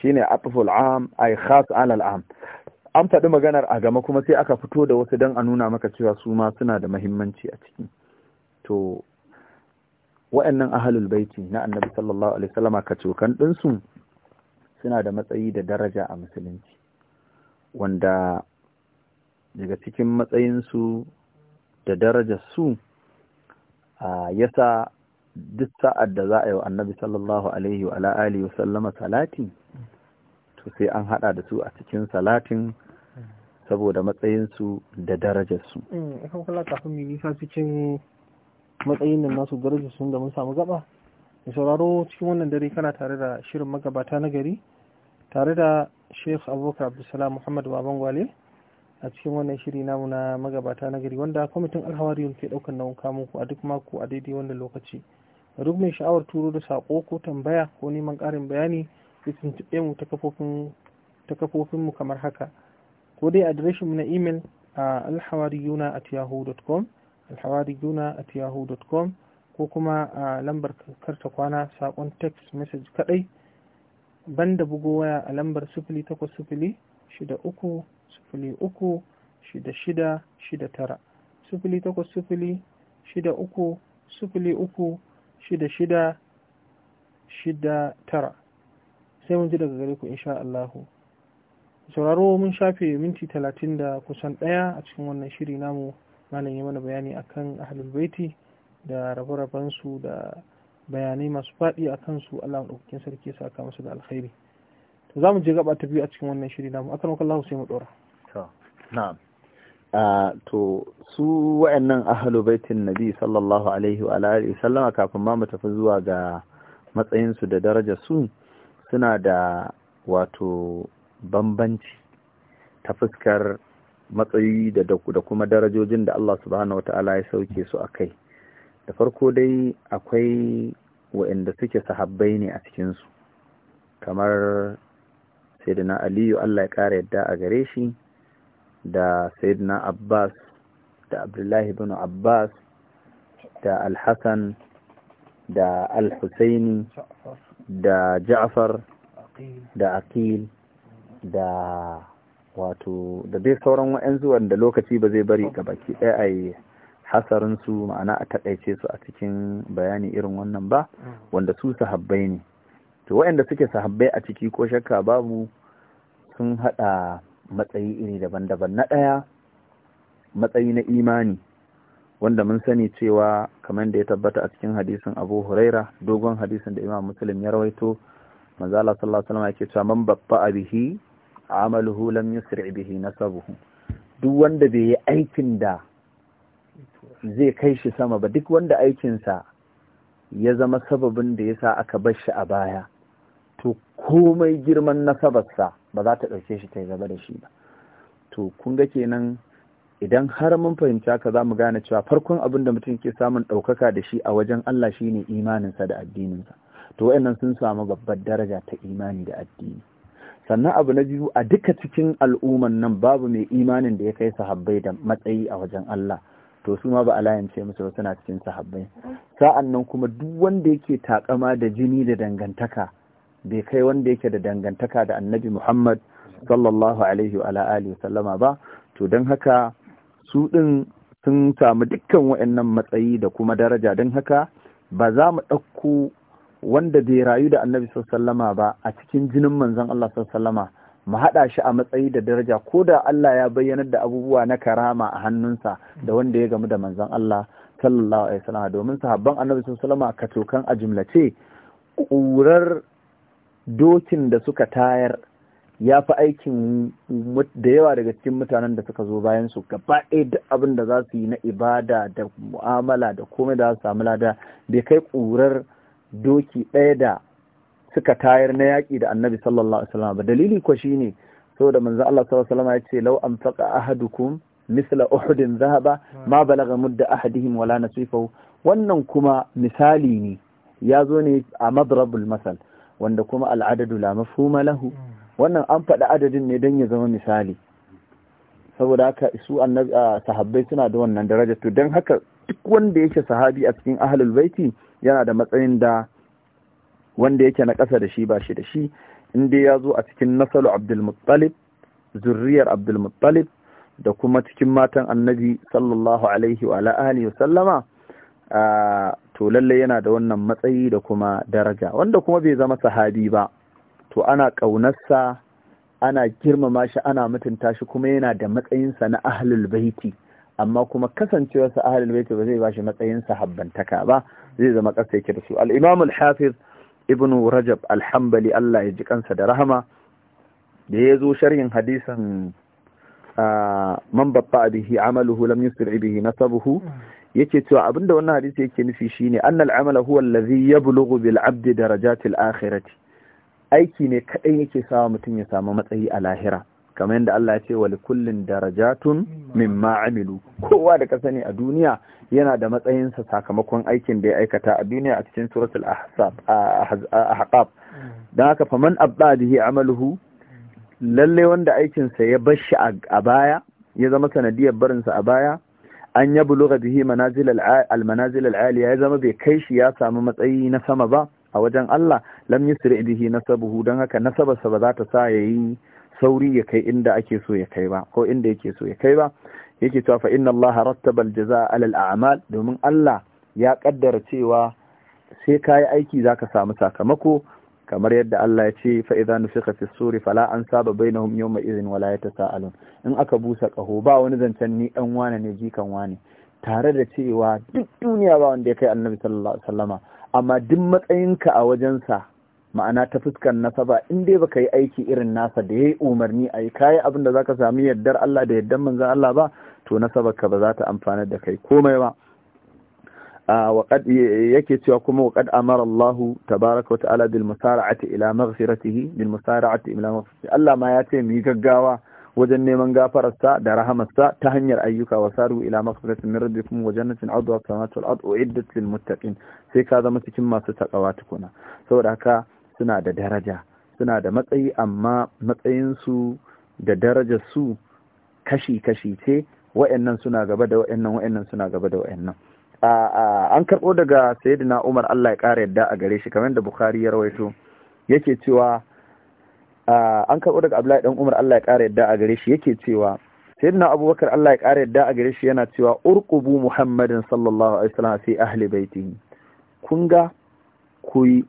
shine atful am ay khas ala am an faɗi maganar a gama kuma sai aka fito da wasu don a nuna maka cewa su ma suna da mahimmanci a ciki to wa'annan ahalul baiti na annabi sallallahu alaihi wasallama kacokan ɗinsu suna da matsayi da daraja a musulunci wanda daga cikin matsayinsu da darajarsu a yasa duk sa'ad da za a yi wa annabi sallallahu alaihi wa ala'ali sallama salati to sai an hada da su a cikin salatin saboda matsayinsu da darajarsu. Mm, Ikan kula kafin mai nisa cikin matsayin da nasu sun da mun samu gaba. sauraro cikin wannan dare kana tare da shirin magabata na gari tare da sheikh abubakar abdulsalam muhammad baban gwale a cikin wannan shiri namu na magabata na gari wanda kwamitin alhawari ke daukan nauyin kamun ku a duk mako a daidai wannan lokaci duk mai sha'awar turo da sako ko tambaya ko neman karin bayani ya tuntuɓe mu ta mu kamar haka ko dai adireshin mu na imel a alhawariyuna at yahoo.com alhawariyuna at yahoo.com ko kuma a lambar karta kwana sakon text message kadai banda bugo waya a lambar sufuli takwas sufuli shida uku sufuli uku shida shida shida tara sufuli takwas sufuli shida uku sufuli uku shida shida shida tara sai mun ji daga gare ku insha Allahu sauraro mun shafe minti talatin da kusan ɗaya a cikin wannan shiri namu malam ya mana bayani akan ahlul baiti da rabe-rabensu da bayanai masu faɗi a kansu Allah maɗaukakin sarki ya saka musu da alkhairi to za mu je gaba ta biyu a cikin wannan shiri namu akan wakan Allah sai mu ɗora to na'am to su wayannan ahlu baitin nabi sallallahu alaihi wa alihi sallama kafin ma mu tafi zuwa ga matsayin su da darajar su suna da wato bambanci ta fuskar matsayi da kuma darajojin da Allah subhanahu wataala ya sauke su a kai da farko dai akwai waɗanda suke sahabbai ne a cikinsu kamar saidina aliyu allah ya ƙara yadda a gare shi da saidina abbas da abdullahi bin abbas da alhassan da alhussaini da ja'far da aqil da wato da dai sauran wa'yansu wanda lokaci ba zai bari ga baki ɗaya a hasarin su ma'ana a takaice su a cikin bayani irin wannan ba mm. wanda su sahabbai ne to waɗanda suke sahabbai a ciki ko shakka babu sun haɗa matsayi iri daban-daban na ɗaya matsayi na imani wanda mun sani cewa kamar da ya tabbata a cikin hadisin abu huraira dogon hadisin da imam muslim ya rawaito manzala sallallahu alaihi wasallam yake cewa man babba bihi amaluhu lam yusri bihi nasabuhu duk wanda bai yi aikin da zai kai shi sama ba duk wanda aikinsa ya zama sababin da ya sa aka bar shi a baya to komai girman nasabarsa ba za ta ɗauke shi ta yi gaba da shi ba to kun ga kenan idan har mun fahimci haka za mu gane cewa farkon abin da mutum ke samun ɗaukaka da shi a wajen Allah shi ne imaninsa da addininsa to wayannan sun samu babbar daraja ta imani da addini sannan abu na biyu a duka cikin al'umman nan babu mai imanin da ya kai sahabbai da matsayi a wajen Allah to su ma ba a musu ba suna cikin sahabbai sa'an nan kuma duk wanda yake takama da jini da dangantaka bai kai wanda yake da dangantaka da annabi muhammad sallallahu alaihi wa alihi sallama ba to don haka su din sun samu dukkan wayannan matsayi da kuma daraja don haka ba za mu ɗauko wanda bai rayu da annabi sallama ba a cikin jinin manzon allah sallama mu haɗa shi a matsayi da daraja ko da Allah ya bayyanar da abubuwa na karama a hannunsa da wanda ya gamu da manzon Allah sallallahu alaihi wasallam domin sahabban annabi sallallahu alaihi katokan a jumlace ƙurar dokin da suka tayar ya fi aikin da yawa daga cikin mutanen da suka zo bayan su gaba ɗaya duk abin da za su yi na ibada da mu'amala da komai da za su samu lada bai kai ƙurar doki ɗaya da suka tayar na yaƙi da annabi sallallahu alaihi wasallam ba dalili ko ne saboda manzo Allah sallallahu alaihi wasallam ya ce law anfaqa ahadukum misla uhudin zahaba ma balaga mudda ahadihim wala nasifahu wannan kuma misali ne ya zo ne a madrabul masal wanda kuma al'adadu la mafhuma lahu wannan an faɗi adadin ne don ya zama misali saboda haka su annabi sahabbai suna da wannan daraja to don haka duk wanda yake sahabi a cikin ahlul baiti yana da matsayin da wanda yake na ƙasa da shi ba shi da shi inda ya zo a cikin nasalu abdulmuttalib zurriyar abdulmuttalib da kuma cikin matan annabi sallallahu alaihi wa alihi sallama to lalle yana da wannan matsayi da kuma daraja wanda kuma bai zama sahabi ba to ana ƙaunarsa ana girmama shi ana mutunta shi kuma yana da matsayinsa na ahlul baiti amma kuma kasancewarsa ahlul baiti ba zai ba shi matsayin sahabbantaka ba zai zama ƙasa yake da su al-imam hafiz ibnu rajab alhambali Allah ya ji kansa da rahama da ya zo sharhin hadisan man babba bihi amaluhu lam yusir bihi nasabuhu yake cewa abinda wannan hadisi yake nufi shine annal amala huwa allazi yablughu bil abdi darajatil akhirati aiki ne kadai yake sawa mutum ya samu matsayi a lahira kamar yadda Allah ya ce wa likullin darajatun min ma'amilu kowa da kasani a duniya yana da matsayinsa sakamakon aikin da ya aikata a duniya a cikin suratul ahqaf dan haka faman abadihi amaluhu lalle wanda aikinsa ya bashi a baya ya zama sanadiyar barin sa a baya an ya buluga bihi al-Aliya ya zama bai kai shi ya samu matsayi na sama ba a wajen Allah lam yusri bihi nasabuhu don haka nasabarsa ba za ta sa yayi sauri ya kai inda ake so ya kai ba ko inda yake so ya kai ba yake cewa fa inna Allah rattaba al-jazaa ala al-a'mal domin Allah ya kaddara cewa sai kai aiki zaka samu sakamako kamar yadda Allah ya ce fa idza nufiqa fi suri fala ansaba bainahum yawma idhin wala yatasaalun in aka busa kaho ba wani zancen ni dan wane ne jikan wane tare da cewa duk duniya ba wanda ya kai annabi sallallahu alaihi wasallama amma duk matsayinka a wajensa ma'ana ta fuskar nasaba in dai baka yi aiki irin nasa da ya yi umarni a kaya abin da zaka samu sami Allah da yardar manzan Allah ba to nasaba ka ba za ta amfanar da kai komai ba yake cewa kuma waƙad amarallahu Allah ta ala bil musara'ati ila maghfiratihi bil musara'ati ila maghfirati Allah ma ya ce mu gaggawa wajen neman gafararsa da rahamarsa ta hanyar ayyuka wa saru ila maghfirati min rabbikum wa jannatin 'urdatin samawati wal ard'iddat lil muttaqin sai ka zama cikin masu takawa tukuna saboda haka suna da daraja suna da matsayi amma matsayinsu da darajarsu kashi-kashi ce wa'annan suna gaba da wa'annan wa'annan suna gaba da wa'annan an karɓo daga sayyidina Umar Allah ya ƙara yadda a gare shi kamar da Bukhari ya rawaito yake cewa an karɓo daga Abdullahi dan Umar Allah ya ƙara yadda a gare shi yake cewa sayyidina Abubakar Allah ya ƙara yadda a gare shi yana cewa urkubu Muhammadin sallallahu alaihi wasallam fi ahli baitihi kun ga ku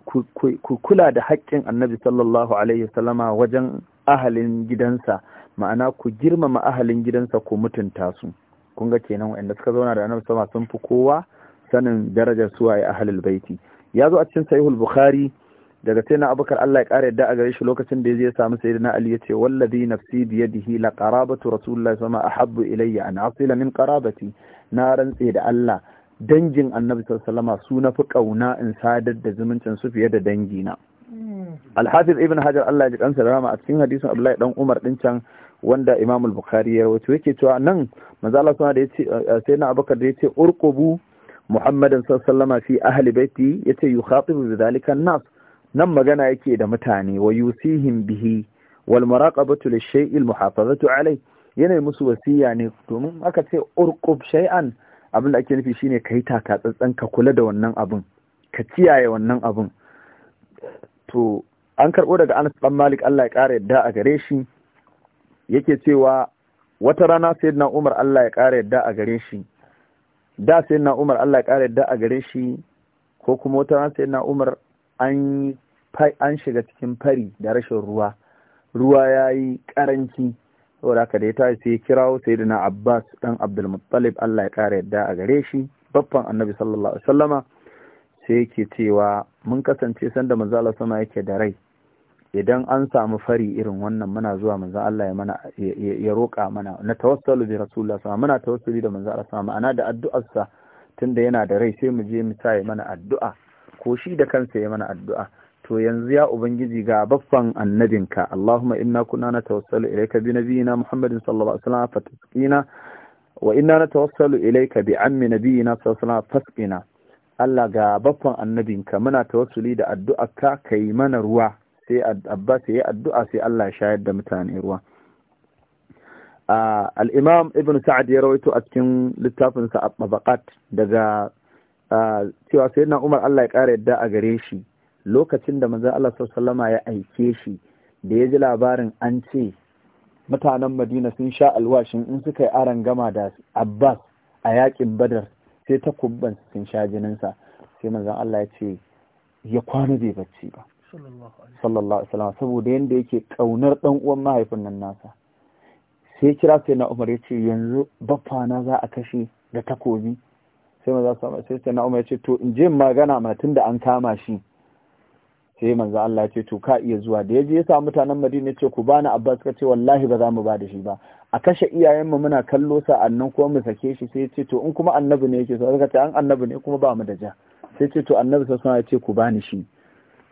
kula da haƙƙin annabi sallallahu alaihi wasallama wajen ahalin gidansa ma'ana ku girmama ahalin gidansa ku mutunta su kun ga kenan wanda suka zauna da annabi sama sun fi kowa sanin darajar su a ahalul baiti ya zo a cikin sahihul bukhari daga sai na abubakar Allah ya kare yadda a gare shi lokacin da ya samu sayyidina ali ya ce wallazi nafsi bi yadihi la qarabatu rasulillahi sama ahabbu ilayya an asila min qarabati na rantse da Allah dangin annabi sallama su na fi ƙauna in sadar da zumuncin su fiye da dangina hmm. alhafiz ibn hajar allah ya kansa rama a cikin hadisin abdullahi dan umar din can wanda imam al-bukhari ya rawaito yake cewa nan manzo allah da yace sai na abakar da yace urqubu muhammadan sallama fi ahli baiti yace yukhatibu bi an nas nan magana yake da mutane wa yusihim bihi wal muraqabatu lish al-muhafazatu alayh yana musu wasiya ne domin aka ce urqub shay'an abin da ake nufi shine ka yi taka tsantsan ka kula da wannan abin ka kiyaye wannan abin to an karɓo daga Anas ɗan Malik Allah ya ƙara yadda a gare shi yake cewa wata rana sayyidina Umar Allah ya ƙara yadda a gare shi da sayyidina Umar Allah ya ƙara yadda a gare shi ko kuma wata rana sayyidina Umar an an shiga cikin fari da rashin ruwa ruwa yayi karanci saboda haka da ya tashi sai kirawo sayyidina Abbas dan Abdul Muttalib Allah ya kare yadda a gare shi babban Annabi sallallahu alaihi wasallama sai yake cewa mun kasance sanda manzo Allah sama yake da rai idan an samu fari irin wannan muna zuwa manzo Allah ya mana ya roƙa mana na tawassalu bi rasulullah sama muna tawassuli da manzo Allah sama ma'ana da addu'arsa tunda yana da rai sai mu je mu sa mana addu'a ko shi da kansa ya mana addu'a to yanzu ya ubangiji ga baffan annabinka Allahumma inna kunna natawassalu ilayka bi nabiyyina Muhammadin sallallahu alaihi wasallam fatasqina wa inna natawassalu ilayka bi ammi nabiyyina sallallahu alaihi wasallam fasqina Allah ga baffan annabinka muna tawassuli da addu'arka kai mana ruwa sai abba sai addu'a sai Allah shayar da mutane ruwa al-Imam Ibn Sa'd ya rawaito a cikin littafinsa Abbaqat daga cewa sayyidina Umar Allah ya kare yadda a gare shi lokacin da manzan Allah sallama ya aike shi da ya ji labarin an ce mutanen Madina sun sha alwashin in suka yi aron gama da Abbas a yakin Badar sai ta kubban sun sha jininsa sai manzan Allah ya ce ya kwana bai bacci ba sallallahu alaihi wasallam saboda yanda yake kaunar dan uwan mahaifin nan nasa sai kira sai na Umar ya ce yanzu baffa na za a kashe da takobi sai manzon sai sai na Umar ya ce to in je magana mana tunda an kama shi sai manzo Allah ya ce to ka iya zuwa da yaje ya samu mutanen Madina ce ku bani Abbas ka ce wallahi ba za mu ba da shi ba a kashe iyayen mu muna kallo sa annan kuma mu sake shi sai ya ce to in kuma annabi ne yake so suka ce an annabi ne kuma ba mu da ja sai ce to annabi sai suna ce ku bani shi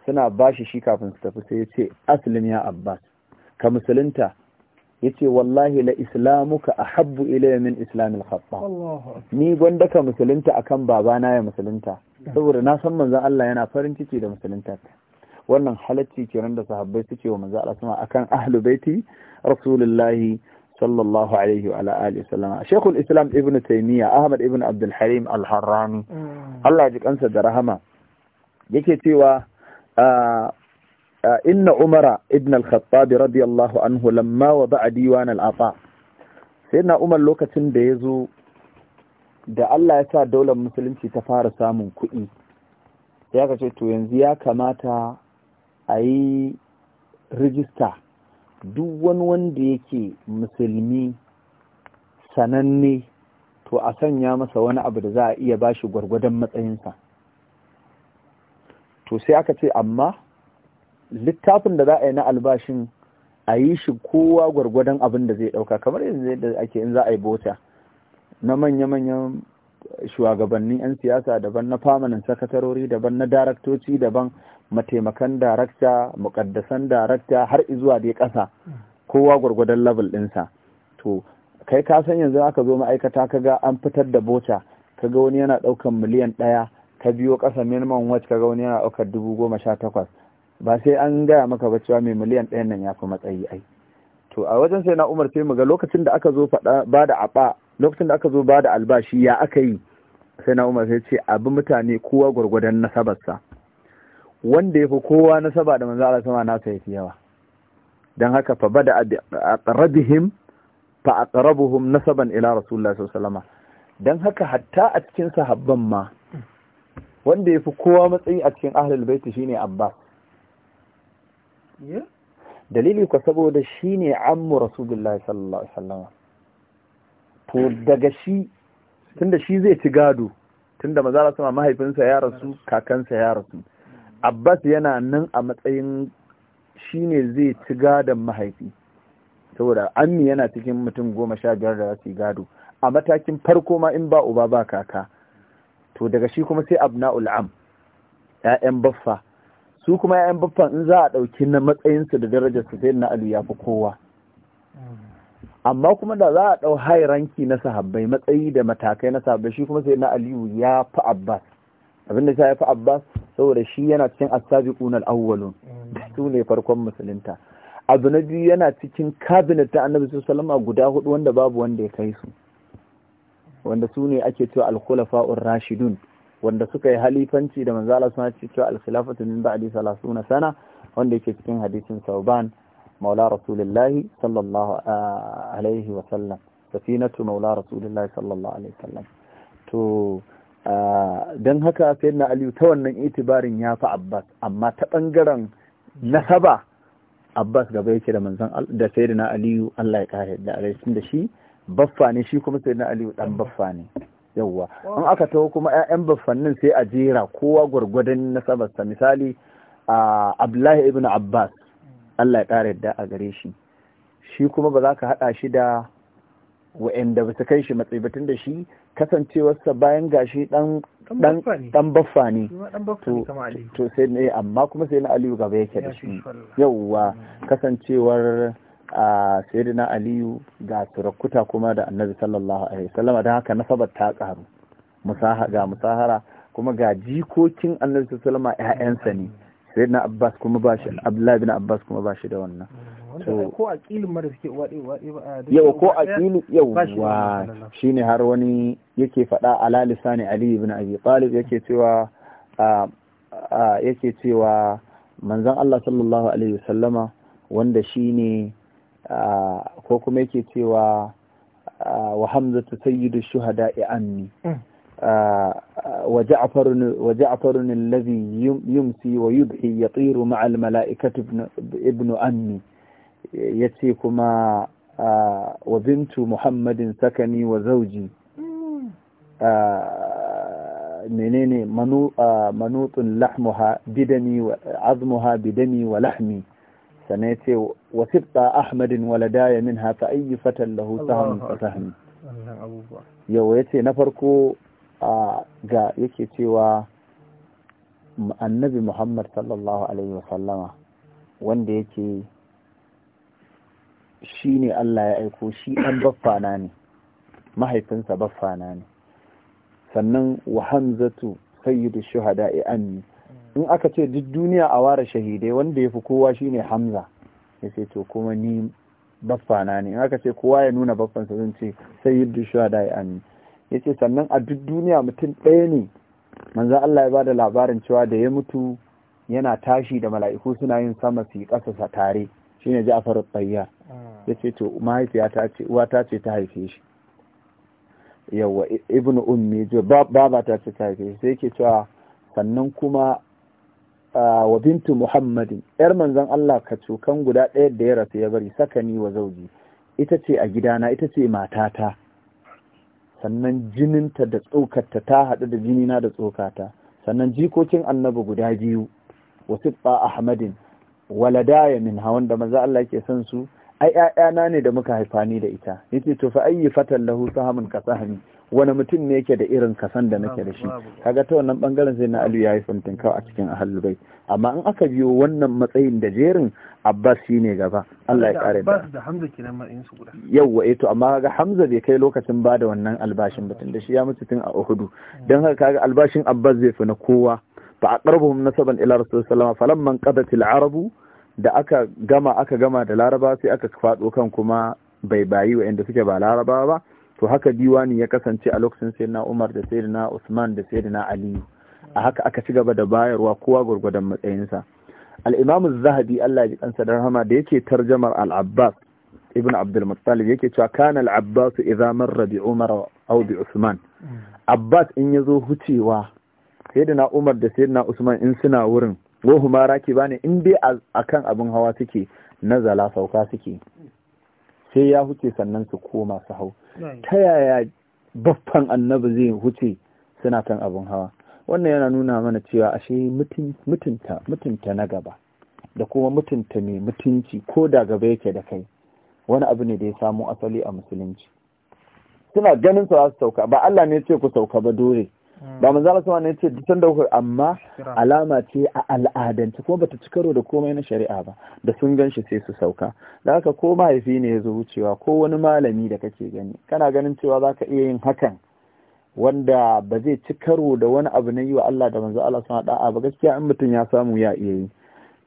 suna bashi shi kafin su tafi sai ya ce aslim ya Abbas ka musulunta yace wallahi la islamuka ahabbu ilayya min islamil khatta ni gwanda ka musulunta akan babana ya musulunta saboda na san manzon Allah yana farin ciki da musulunta wannan halacci kenan da sahabbai suke wa manzo Allah sama akan ahli baiti rasulullahi sallallahu alaihi wa ala alihi sallama shaykhul islam ibnu taymiya ahmad ibnu abdul halim al mm. Allah ji kansa da rahama yake cewa ah, ah, inna umara ibn al radiyallahu anhu lamma wada'a diwan al sai na umar lokacin da yazo da Allah ya sa daular musulunci ta fara samun kuɗi ya ka ce to yanzu ya kamata a yi rijista duk wani wanda yake musulmi sananne to a sanya masa wani abu da za a iya bashi gwargwadon matsayinsa to sai aka ce amma littafin da za a yi na albashin a yi shi kowa gwargwadon abin da zai dauka kamar yanzu ake in za a yi bota na manya-manyan shugabannin 'yan siyasa daban na famanin sakatarori daban na daraktoci daban mataimakan darakta mukaddasan darakta har izuwa dai kasa kowa gwargwadon level dinsa. to kai ka san yanzu aka zo ma'aikata ka ga an fitar da boca kaga wani yana ɗaukan miliyan ɗaya ka biyo ƙasa minimum wacce kaga wani yana ɗaukar dubu goma sha takwas ba sai an gaya maka ba cewa mai miliyan ɗayan nan ya fi matsayi ai to a wajen sai na umar sai mu ga lokacin da aka zo faɗa ba da aɓa lokacin da aka zo ba da albashi ya aka yi sai na umar sai ce abi mutane kowa gwargwadon nasabarsa wanda ya fi kowa nasaba da manzara sama sama nasa yafi yawa dan haka fa bada aqrabihim fa aqrabuhum nasaban ila rasulullah sallallahu alaihi don dan haka hatta a cikin sahabban ma wanda ya fi kowa matsayi a cikin ahlul baiti shine Abbas dalili ko saboda shine ammu rasulullahi sallallahu alaihi wasallam to daga shi tunda shi zai ci gado tunda maza sama mahaifinsa ya rasu kakansa ya rasu abbas yana nan a matsayin shi ne zai ci gadon mahaifi saboda ammi yana cikin mutum goma sha biyar da su gado a matakin farko ma in ba uba ba kaka to daga shi kuma sai abna'ul am ya'yan baffa su kuma ya'yan baffan in za a ɗauki na matsayinsu da darajarsu sai na alu ya fi kowa amma kuma da za a ɗau hai ranki na sahabbai matsayi da matakai na sahabbai shi kuma sai na aliyu ya fi abbas abin da ya fi abbas saboda shi yana cikin asabiqun al-awwalun su ne farkon musulunta abu na biyu yana cikin kabinet ta annabi sallama guda hudu wanda babu wanda ya kai su wanda su ne ake cewa al-khulafa'ur rashidun wanda suka yi halifanci da manzo Allah ci ce cewa al-khilafatu min ba'di sana wanda yake cikin hadisin Sauban maula rasulillahi sallallahu alaihi wa sallam safinatu maula rasulillahi sallallahu alaihi wa sallam to don haka sayyidina aliyu ta wannan itibarin ya fi abbas amma ta bangaren nasaba abbas gaba yake da manzon da sayyidina aliyu Allah ya kare da alaihi da shi baffa ne shi kuma sayyidina aliyu dan baffa ne yawwa in aka taho kuma ƴaƴan baffannin sai a jera kowa gwargwadon nasabarsa misali a abdullahi ibn abbas Allah ya ƙara yadda a gare shi shi kuma ba za ka haɗa shi da wa'anda ba su kai shi matsayi batun da shi kasancewarsa bayan gashi dan dan baffa ne to sai ne amma kuma sai na aliyu gaba yake da shi yauwa mm. kasancewar a sayyidina aliyu ga surakuta kuma da annabi sallallahu alaihi wasallam don haka nasabar ta karu ga musahara kuma ga jikokin annabi sallallahu alaihi wasallam ƴaƴansa ne mm. sayyidina abbas kuma ba shi abdullahi bin abbas kuma ba shi da wannan ko ƙilin mara suke waɗe waɗe ba yau ko shi yauwa har wani yake faɗa ala ne ali ibn abi talib yake cewa yake cewa manzan Allah sallallahu alaihi wasallama wanda shi ne ko kuma yake cewa wa hamzatu sayyidu shuhada'i anni mm. وجعفر وجعفر الذي يمسي ويضحي يطير مع الملائكة ابن, ابن أمي يتيكما وبنت محمد سكني وزوجي منين منوط لحمها بدمي عظمها بدمي ولحمي سنتي وسبط أحمد ولداي منها فأي فتى له سهم فتهم yau ya ce na farko ga yake cewa annabi muhammad sallallahu alaihi wasallama wanda yake shi ne allah ya aiko shi ɗan baffana ne mahaifinsa baffana ne sannan wa hamzatu sayyidu shuhada anni in aka ce duk duniya a ware shahidai wanda ya fi kowa shine hamza ya ce to kuma ni baffana ne in aka ce kowa ya nuna baffansa zan ce sayyidu shuhada anni ya ce sannan a duk duniya mutum ɗaya ne manzan Allah ya ba da labarin cewa da ya mutu yana tashi da mala'iku suna yin sama su yi ƙasa tare shi ne farar tsayya ah. ya ce to mahaifiyata ce uwata ce ta haife shi yawa ibn ummi ba ta ce ta haife shi sai ke cewa sannan kuma wa bintu muhammadin yar manzon Allah ka cokan guda ɗaya da ya rasu ya bari sakani wa zauji ita ce a gidana ita ce matata sannan jininta da tsokarta ta haɗu da jinina da tsokata sannan jikokin annabi guda biyu Wasu wasiɓa ahmadin waladaya min hawan da maza Allah ke son su ai 'ya'yana ne da muka haifa ni da ita yace to fa ayyi fatan lahu sahamun ka sahmi wani mutum ne yake da irin kasan da nake da shi kaga ta wannan bangaren sai na Ali ya yi fantin kawai a cikin ahlul amma in aka biyo wannan matsayin da jerin Abbas shine gaba Allah ya kare da Abbas da Hamza kenan su guda yawa eh to amma kaga Hamza bai kai lokacin ba da wannan albashin batun da shi ya mutu tun a Uhudu hmm. dan haka kaga albashin Abbas zai fi na kowa fa aqrabuhum nasaban ila rasulullah sallallahu alaihi wasallam falamman qadat al-arabu da aka gama aka gama da laraba sai aka faɗo kan kuma bai bayi inda suke ba laraba ba to haka diwani ya kasance a lokacin na Umar da na Usman da na Ali a haka aka ci gaba da bayarwa kowa gurgurdan matsayinsa al-Imam az-Zahabi Allah ya kansa da rahama da yake tarjamar al-Abbas ibn Abdul Muttalib yake cewa kana al-Abbas idza marra bi Umar aw bi Usman Abbas in yazo hucewa na Umar da na Usman in suna wurin gohuma raki bane in dai akan abin hawa suke nazala sauka suke sai ya huce sannan su koma su hau ta yaya baffan annabi zai huce suna kan abin hawa wannan yana nuna mana cewa ashe mutunta mutunta na gaba da kuma mutunta mai mutunci ko da gaba yake da kai wani abu ne da ya samu asali a musulunci suna ganin su za su sauka ba Allah ne ya ce ku sauka ba dole ba hmm. manzo Allah ne ce da uku amma alama ce a al'adance kuma bata ci karo da komai na shari'a ba da sun gan shi sai su sauka da haka ko mahaifi ne ya zo wucewa ko wani malami da kake gani kana ganin cewa ka iya yin hakan wanda ba zai ci karo da wani abu na yi wa Allah da manzo Allah sama da'a ba gaskiya in mutum ya samu ya iya yi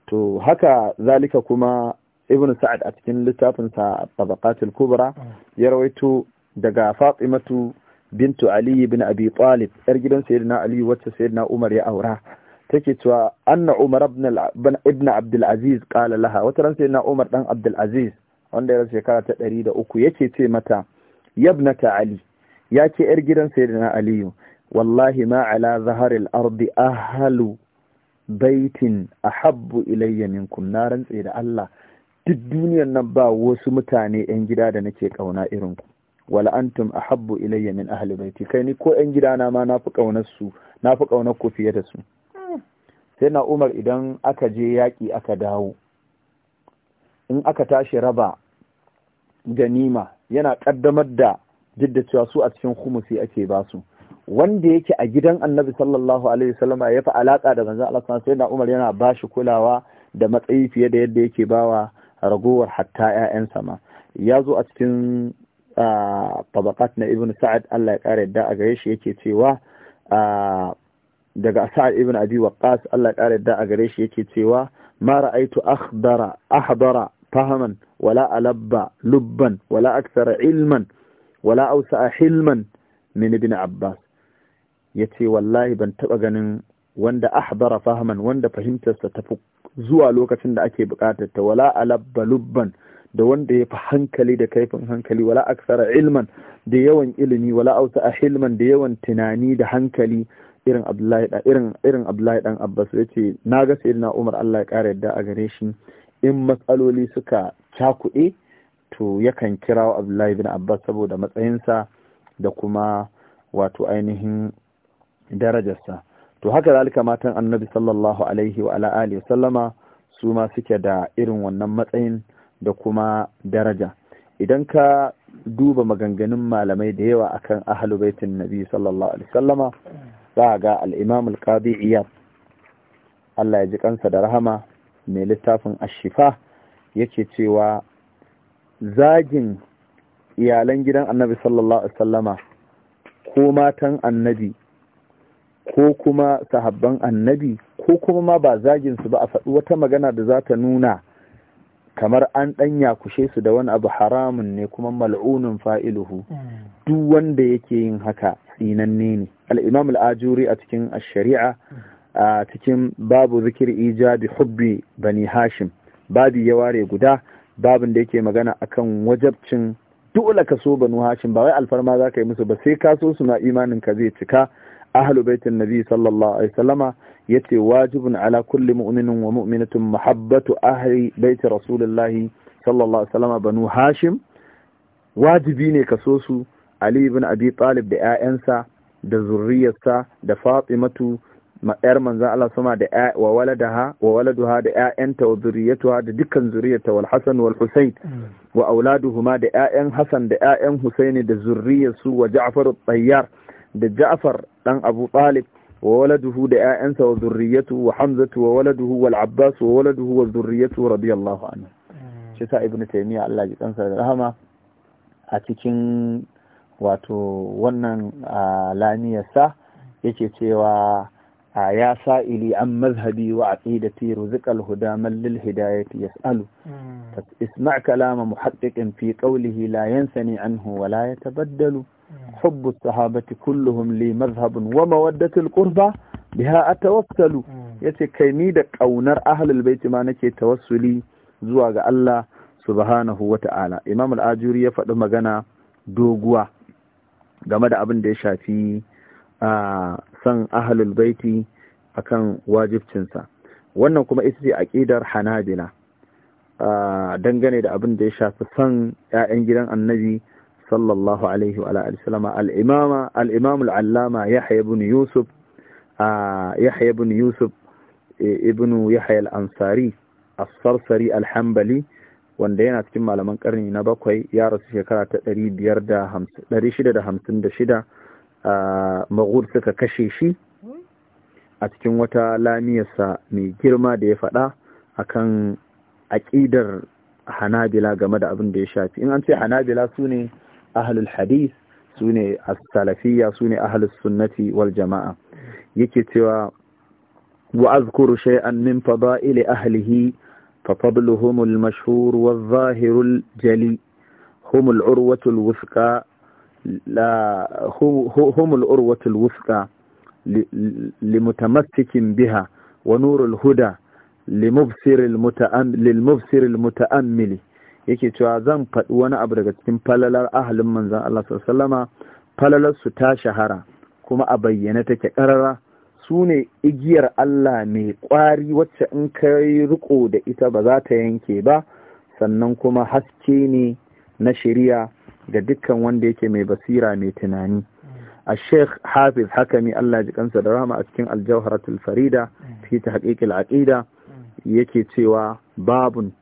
to haka zalika kuma ibn sa'ad a cikin littafinsa tabaqatul kubra hmm. ya rawaito daga fatimatu bintu Ali bin Abi Talib yar gidan sayyidina Ali wacce sayyidina Umar ya aura take cewa anna Umar ibn ibn Abdul Aziz qala laha wata ran sayyidina Umar dan Abdul Aziz wanda ya shekara ta 103 yake ce mata yabnata Ali yake yar gidan sayyidina Ali wallahi ma ala zaharil ardi ahalu baitin ahabbu ilayya minkum na rantse da Allah duk duniyar nan ba wasu mutane 'yan gida da nake kauna irin ku wala antum ahabbu ilayya min ahli baiti kai ni ko yan gidana ma na fi kaunar su nafi kaunar ku fiye da su sai na Umar idan aka je yaki aka dawo in aka tashi raba ganima yana kaddamar da cewa su a cikin khumusi ake ba su wanda yake a gidan Annabi sallallahu alaihi wasallam ya fi alaka da manzon Allah sai na Umar yana bashi kulawa da matsayi fiye da yadda yake bawa ragowar hatta 'ya'yansa ma ya zo a cikin tabakat na ibn sa'ad Allah ya ƙara yadda a gare shi yake cewa daga sa'ad ibn abi waqqas Allah ya ƙara yadda a gare shi yake cewa ma ra'aitu akhdara ahdara fahaman wala alabba lubban wala akthara ilman wala awsa hilman min ibn abbas yace wallahi ban taba ganin wanda ahdara fahaman wanda fahimtarsa tafi zuwa lokacin da ake bukatar ta wala alabba lubban da wanda ya fi hankali da kaifin hankali wala aksara ilman da yawan ilimi wala ausa a hilman da yawan tunani da hankali irin abdullahi irin irin abdullahi dan abbas yace na ga sayyidina umar Allah ya kare yadda a gare shi in matsaloli suka cakuɗe to yakan kirawo abdullahi bin abbas saboda matsayinsa da kuma wato ainihin darajarsa to haka zalika matan annabi sallallahu alaihi wa ala alihi su ma suke da irin wannan matsayin da kuma daraja idan ka duba maganganun malamai da yawa akan ahalu baitin nabi sallallahu alaihi wasallama za ga al'imam al-qadi Allah ya ji kansa da rahama mai littafin ashifa yake cewa zagin iyalan gidan annabi sallallahu alaihi wasallama ko matan annabi ko kuma sahabban annabi ko kuma ma ba zaginsu ba a faɗi wata magana da za ta nuna kamar an ɗanya kushe su da wani abu haramun ne kuma mal'unun fa'iluhu duk wanda yake yin haka tsinanne ne al'imam al'ajuri a cikin ashari'a a cikin babu zikir ijabi hubbi bani hashim babu ya ware guda babin da yake magana akan wajabcin dole ka so banu hashim ba wai alfarma za ka yi musu ba sai ka so suna imanin ka zai cika ahlu baitin nabi sallallahu alaihi wasallama yace wajibun ala kulli mu'minin wa mu'minatin muhabbatu ahli baiti rasulullahi sallallahu alaihi wasallam banu hashim wajibi ne kaso su ali ibn abi talib da ƴaƴansa da zurriyarsa da fatimatu ma'ar manzon Allah sama da wa waladaha wa waladuha da ƴaƴanta wa zurriyatuha da dukkan zurriyarta wal hasan wal husayn hmm. wa auladuhuma da ƴaƴan hasan da ƴaƴan husaini da zurriyarsu wa ja'far at-tayyar da ja'far dan abu talib wa waladuhu da ƴaƴansa wa zurriyatu wa hamzatu wa waladuhu wal abbas wa waladuhu wa zurriyatu radiyallahu anhu shi sa ibnu taymiya Allah ya kansa da rahama a cikin wato wannan laniyarsa yake cewa ya ili an mazhabi wa aqidati ruzqal huda man lil hidayati yas'alu isma' kalama muhaqqiqin fi qawlihi la yansani anhu wa la yatabaddalu Hobbu حب الصحابة كلهم لي مذهب ومودة القربة بها tawassalu. yace kai ni da ƙaunar ahlul baiti ma nake tawassuli zuwa ga Allah subhanahu wata'ala Imam al-Ajuri ya faɗi magana doguwa game da abin da ya shafi a san baiti akan wajibcinsa wannan kuma ita ce aqidar Hanabila dangane da abin da ya shafi son 'ya'yan gidan Annabi sallallahu alaihi wa alihi sallama al-imama al-imam al-allama yahya ibn yusuf uh, yahya ibn yusuf ibn al-ansari as-sarsari alhambali wanda yana cikin malaman ƙarni na bakwai ya rasu shekara ta 656 uh, maghur suka kashe shi a cikin wata lamiyarsa mai girma da ya faɗa akan aƙidar hanabila game da abin da ya shafi in an ce hanabila su أهل الحديث سوني السلفية سوني أهل السنة والجماعة يكتوا وأذكر شيئا من فضائل أهله ففضلهم المشهور والظاهر الجلي هم العروة الوثقى لا هم الأروة الوثقى لمتمسك بها ونور الهدى لمبصر المتأمل للمبصر المتأمل yake cewa zan faɗi wani abu daga cikin falalar ahalin manzan Allah sallama falalar su ta shahara kuma a bayyana take ƙarara su ne igiyar Allah mai ƙwari wacce in ka riko da ita ba za ta yanke ba sannan kuma haske ne na shari'a ga dukkan wanda yake mai basira mai tunani a sheikh hafiz hakami Allah ji kansa da rahama a cikin aljawharatul farida mm. fi ta haƙiƙil aƙida mm. yake cewa babun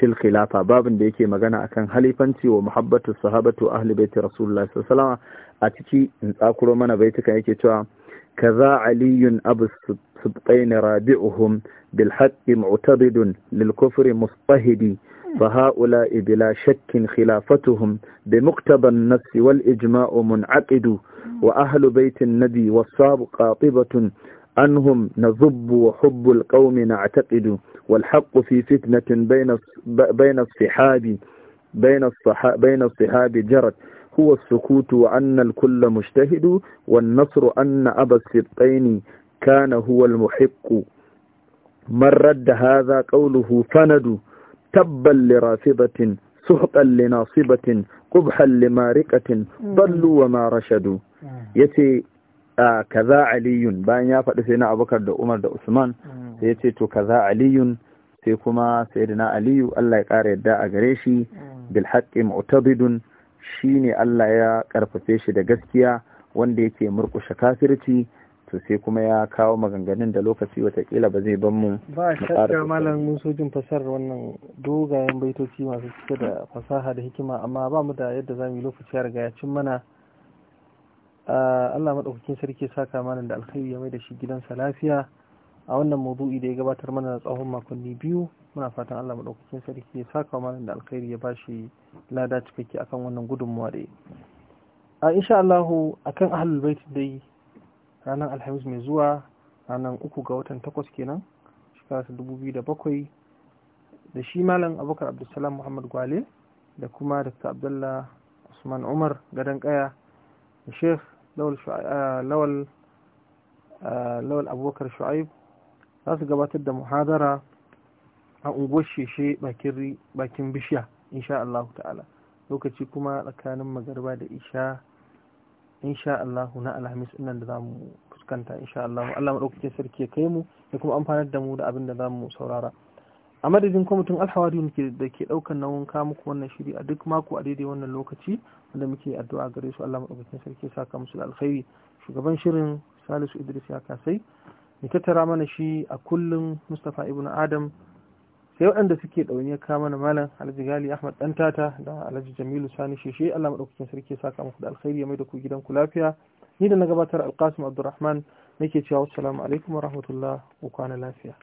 fil khilafa babin da yake magana akan halifanci wa muhabbatu sahabatu ahli baiti rasulullahi sallallahu alaihi wasallam a ciki in tsakuro mana baitika yake cewa kaza aliyun abu sabtain rabi'uhum bil haqq mu'tabidun lil kufri mustahidi fa haula bila shakk khilafatuhum bi muktaban an nafs wal ijma' mun'aqidu wa ahli baiti nabi wa sab na anhum nazubbu wa hubbu al qawmi na'taqidu na والحق في فتنة بين بين الصحاب بين الصحاب بين الصحاب جرت هو السكوت وأن الكل مجتهد والنصر أن أبا السبطين كان هو المحق من رد هذا قوله فند تبا لرافضة سحقا لناصبة قبحا لمارقة ضلوا وما رشدوا آه. يتي Ah, kaza aliyun bayan ya faɗi sai na abokar da umar da usman mm. sai ya ce to kaza aliyun sai kuma na aliyu Allah ya ƙara yadda a gare shi mm. bilhaƙi haqqi shi ne Allah ya ƙarfafe shi da gaskiya wanda yake murƙushe kafirci to sai kuma ya kawo maganganun da lokaci watakila ba zai ban mu ba shakka malam mun wannan dogayen baitoci masu cike da fasaha da hikima amma ba mu da yadda zamu yi lokaci ya riga ya cin mana Ah, Allah maɗaukakin sarki saka mana da alkhairi ya mai da shi gidansa lafiya a wannan mabu'i da ya gabatar mana na tsawon makonni biyu muna fatan Allah maɗaukakin sarki ya saka mana da alkhairi ya bashi lada cikakke akan wannan gudunmuwa da a ah, insha Allah akan ahlul bait dai ranar alhamis mai zuwa ranar uku ga watan takwas kenan shekara ta dubu biyu da bakwai da shi malam abubakar abdulsalam muhammad gwale da kuma dr abdullah usman umar gadon kaya da sheikh Uh, uh, lawal abubakar shu'aib za su gabatar da muhadara a unguwar sheshe bakin bishiya insha Allah ta'ala lokaci kuma tsakanin magarba da isha insha Allah na alhamis nan da mu fuskanta insha Allah Allah madaukakin sarki ya kai mu da kuma amfanar da mu da abin da mu saurara a madadin kwamitin alhawari da ke ɗaukan nauyin wanka muku wannan shiri a duk mako a daidai wannan lokaci wanda muke addu'a gare su Allah madaukakin sarki saka musu da alkhairi shugaban shirin Salisu Idris ya kasai mai tattara mana shi a kullum Mustapha ibn Adam sai waɗanda suke ɗauniyar kama mana malam alhaji gali ahmad ɗan tata da alhaji jamilu sani sheshe allah maɗaukakin sarki saka muku da alkhairi ya mai da ku gidan ku lafiya ni da na gabatar alkasim abdurrahman nake cewa assalamu alaikum wa rahmatullah ku kwana lafiya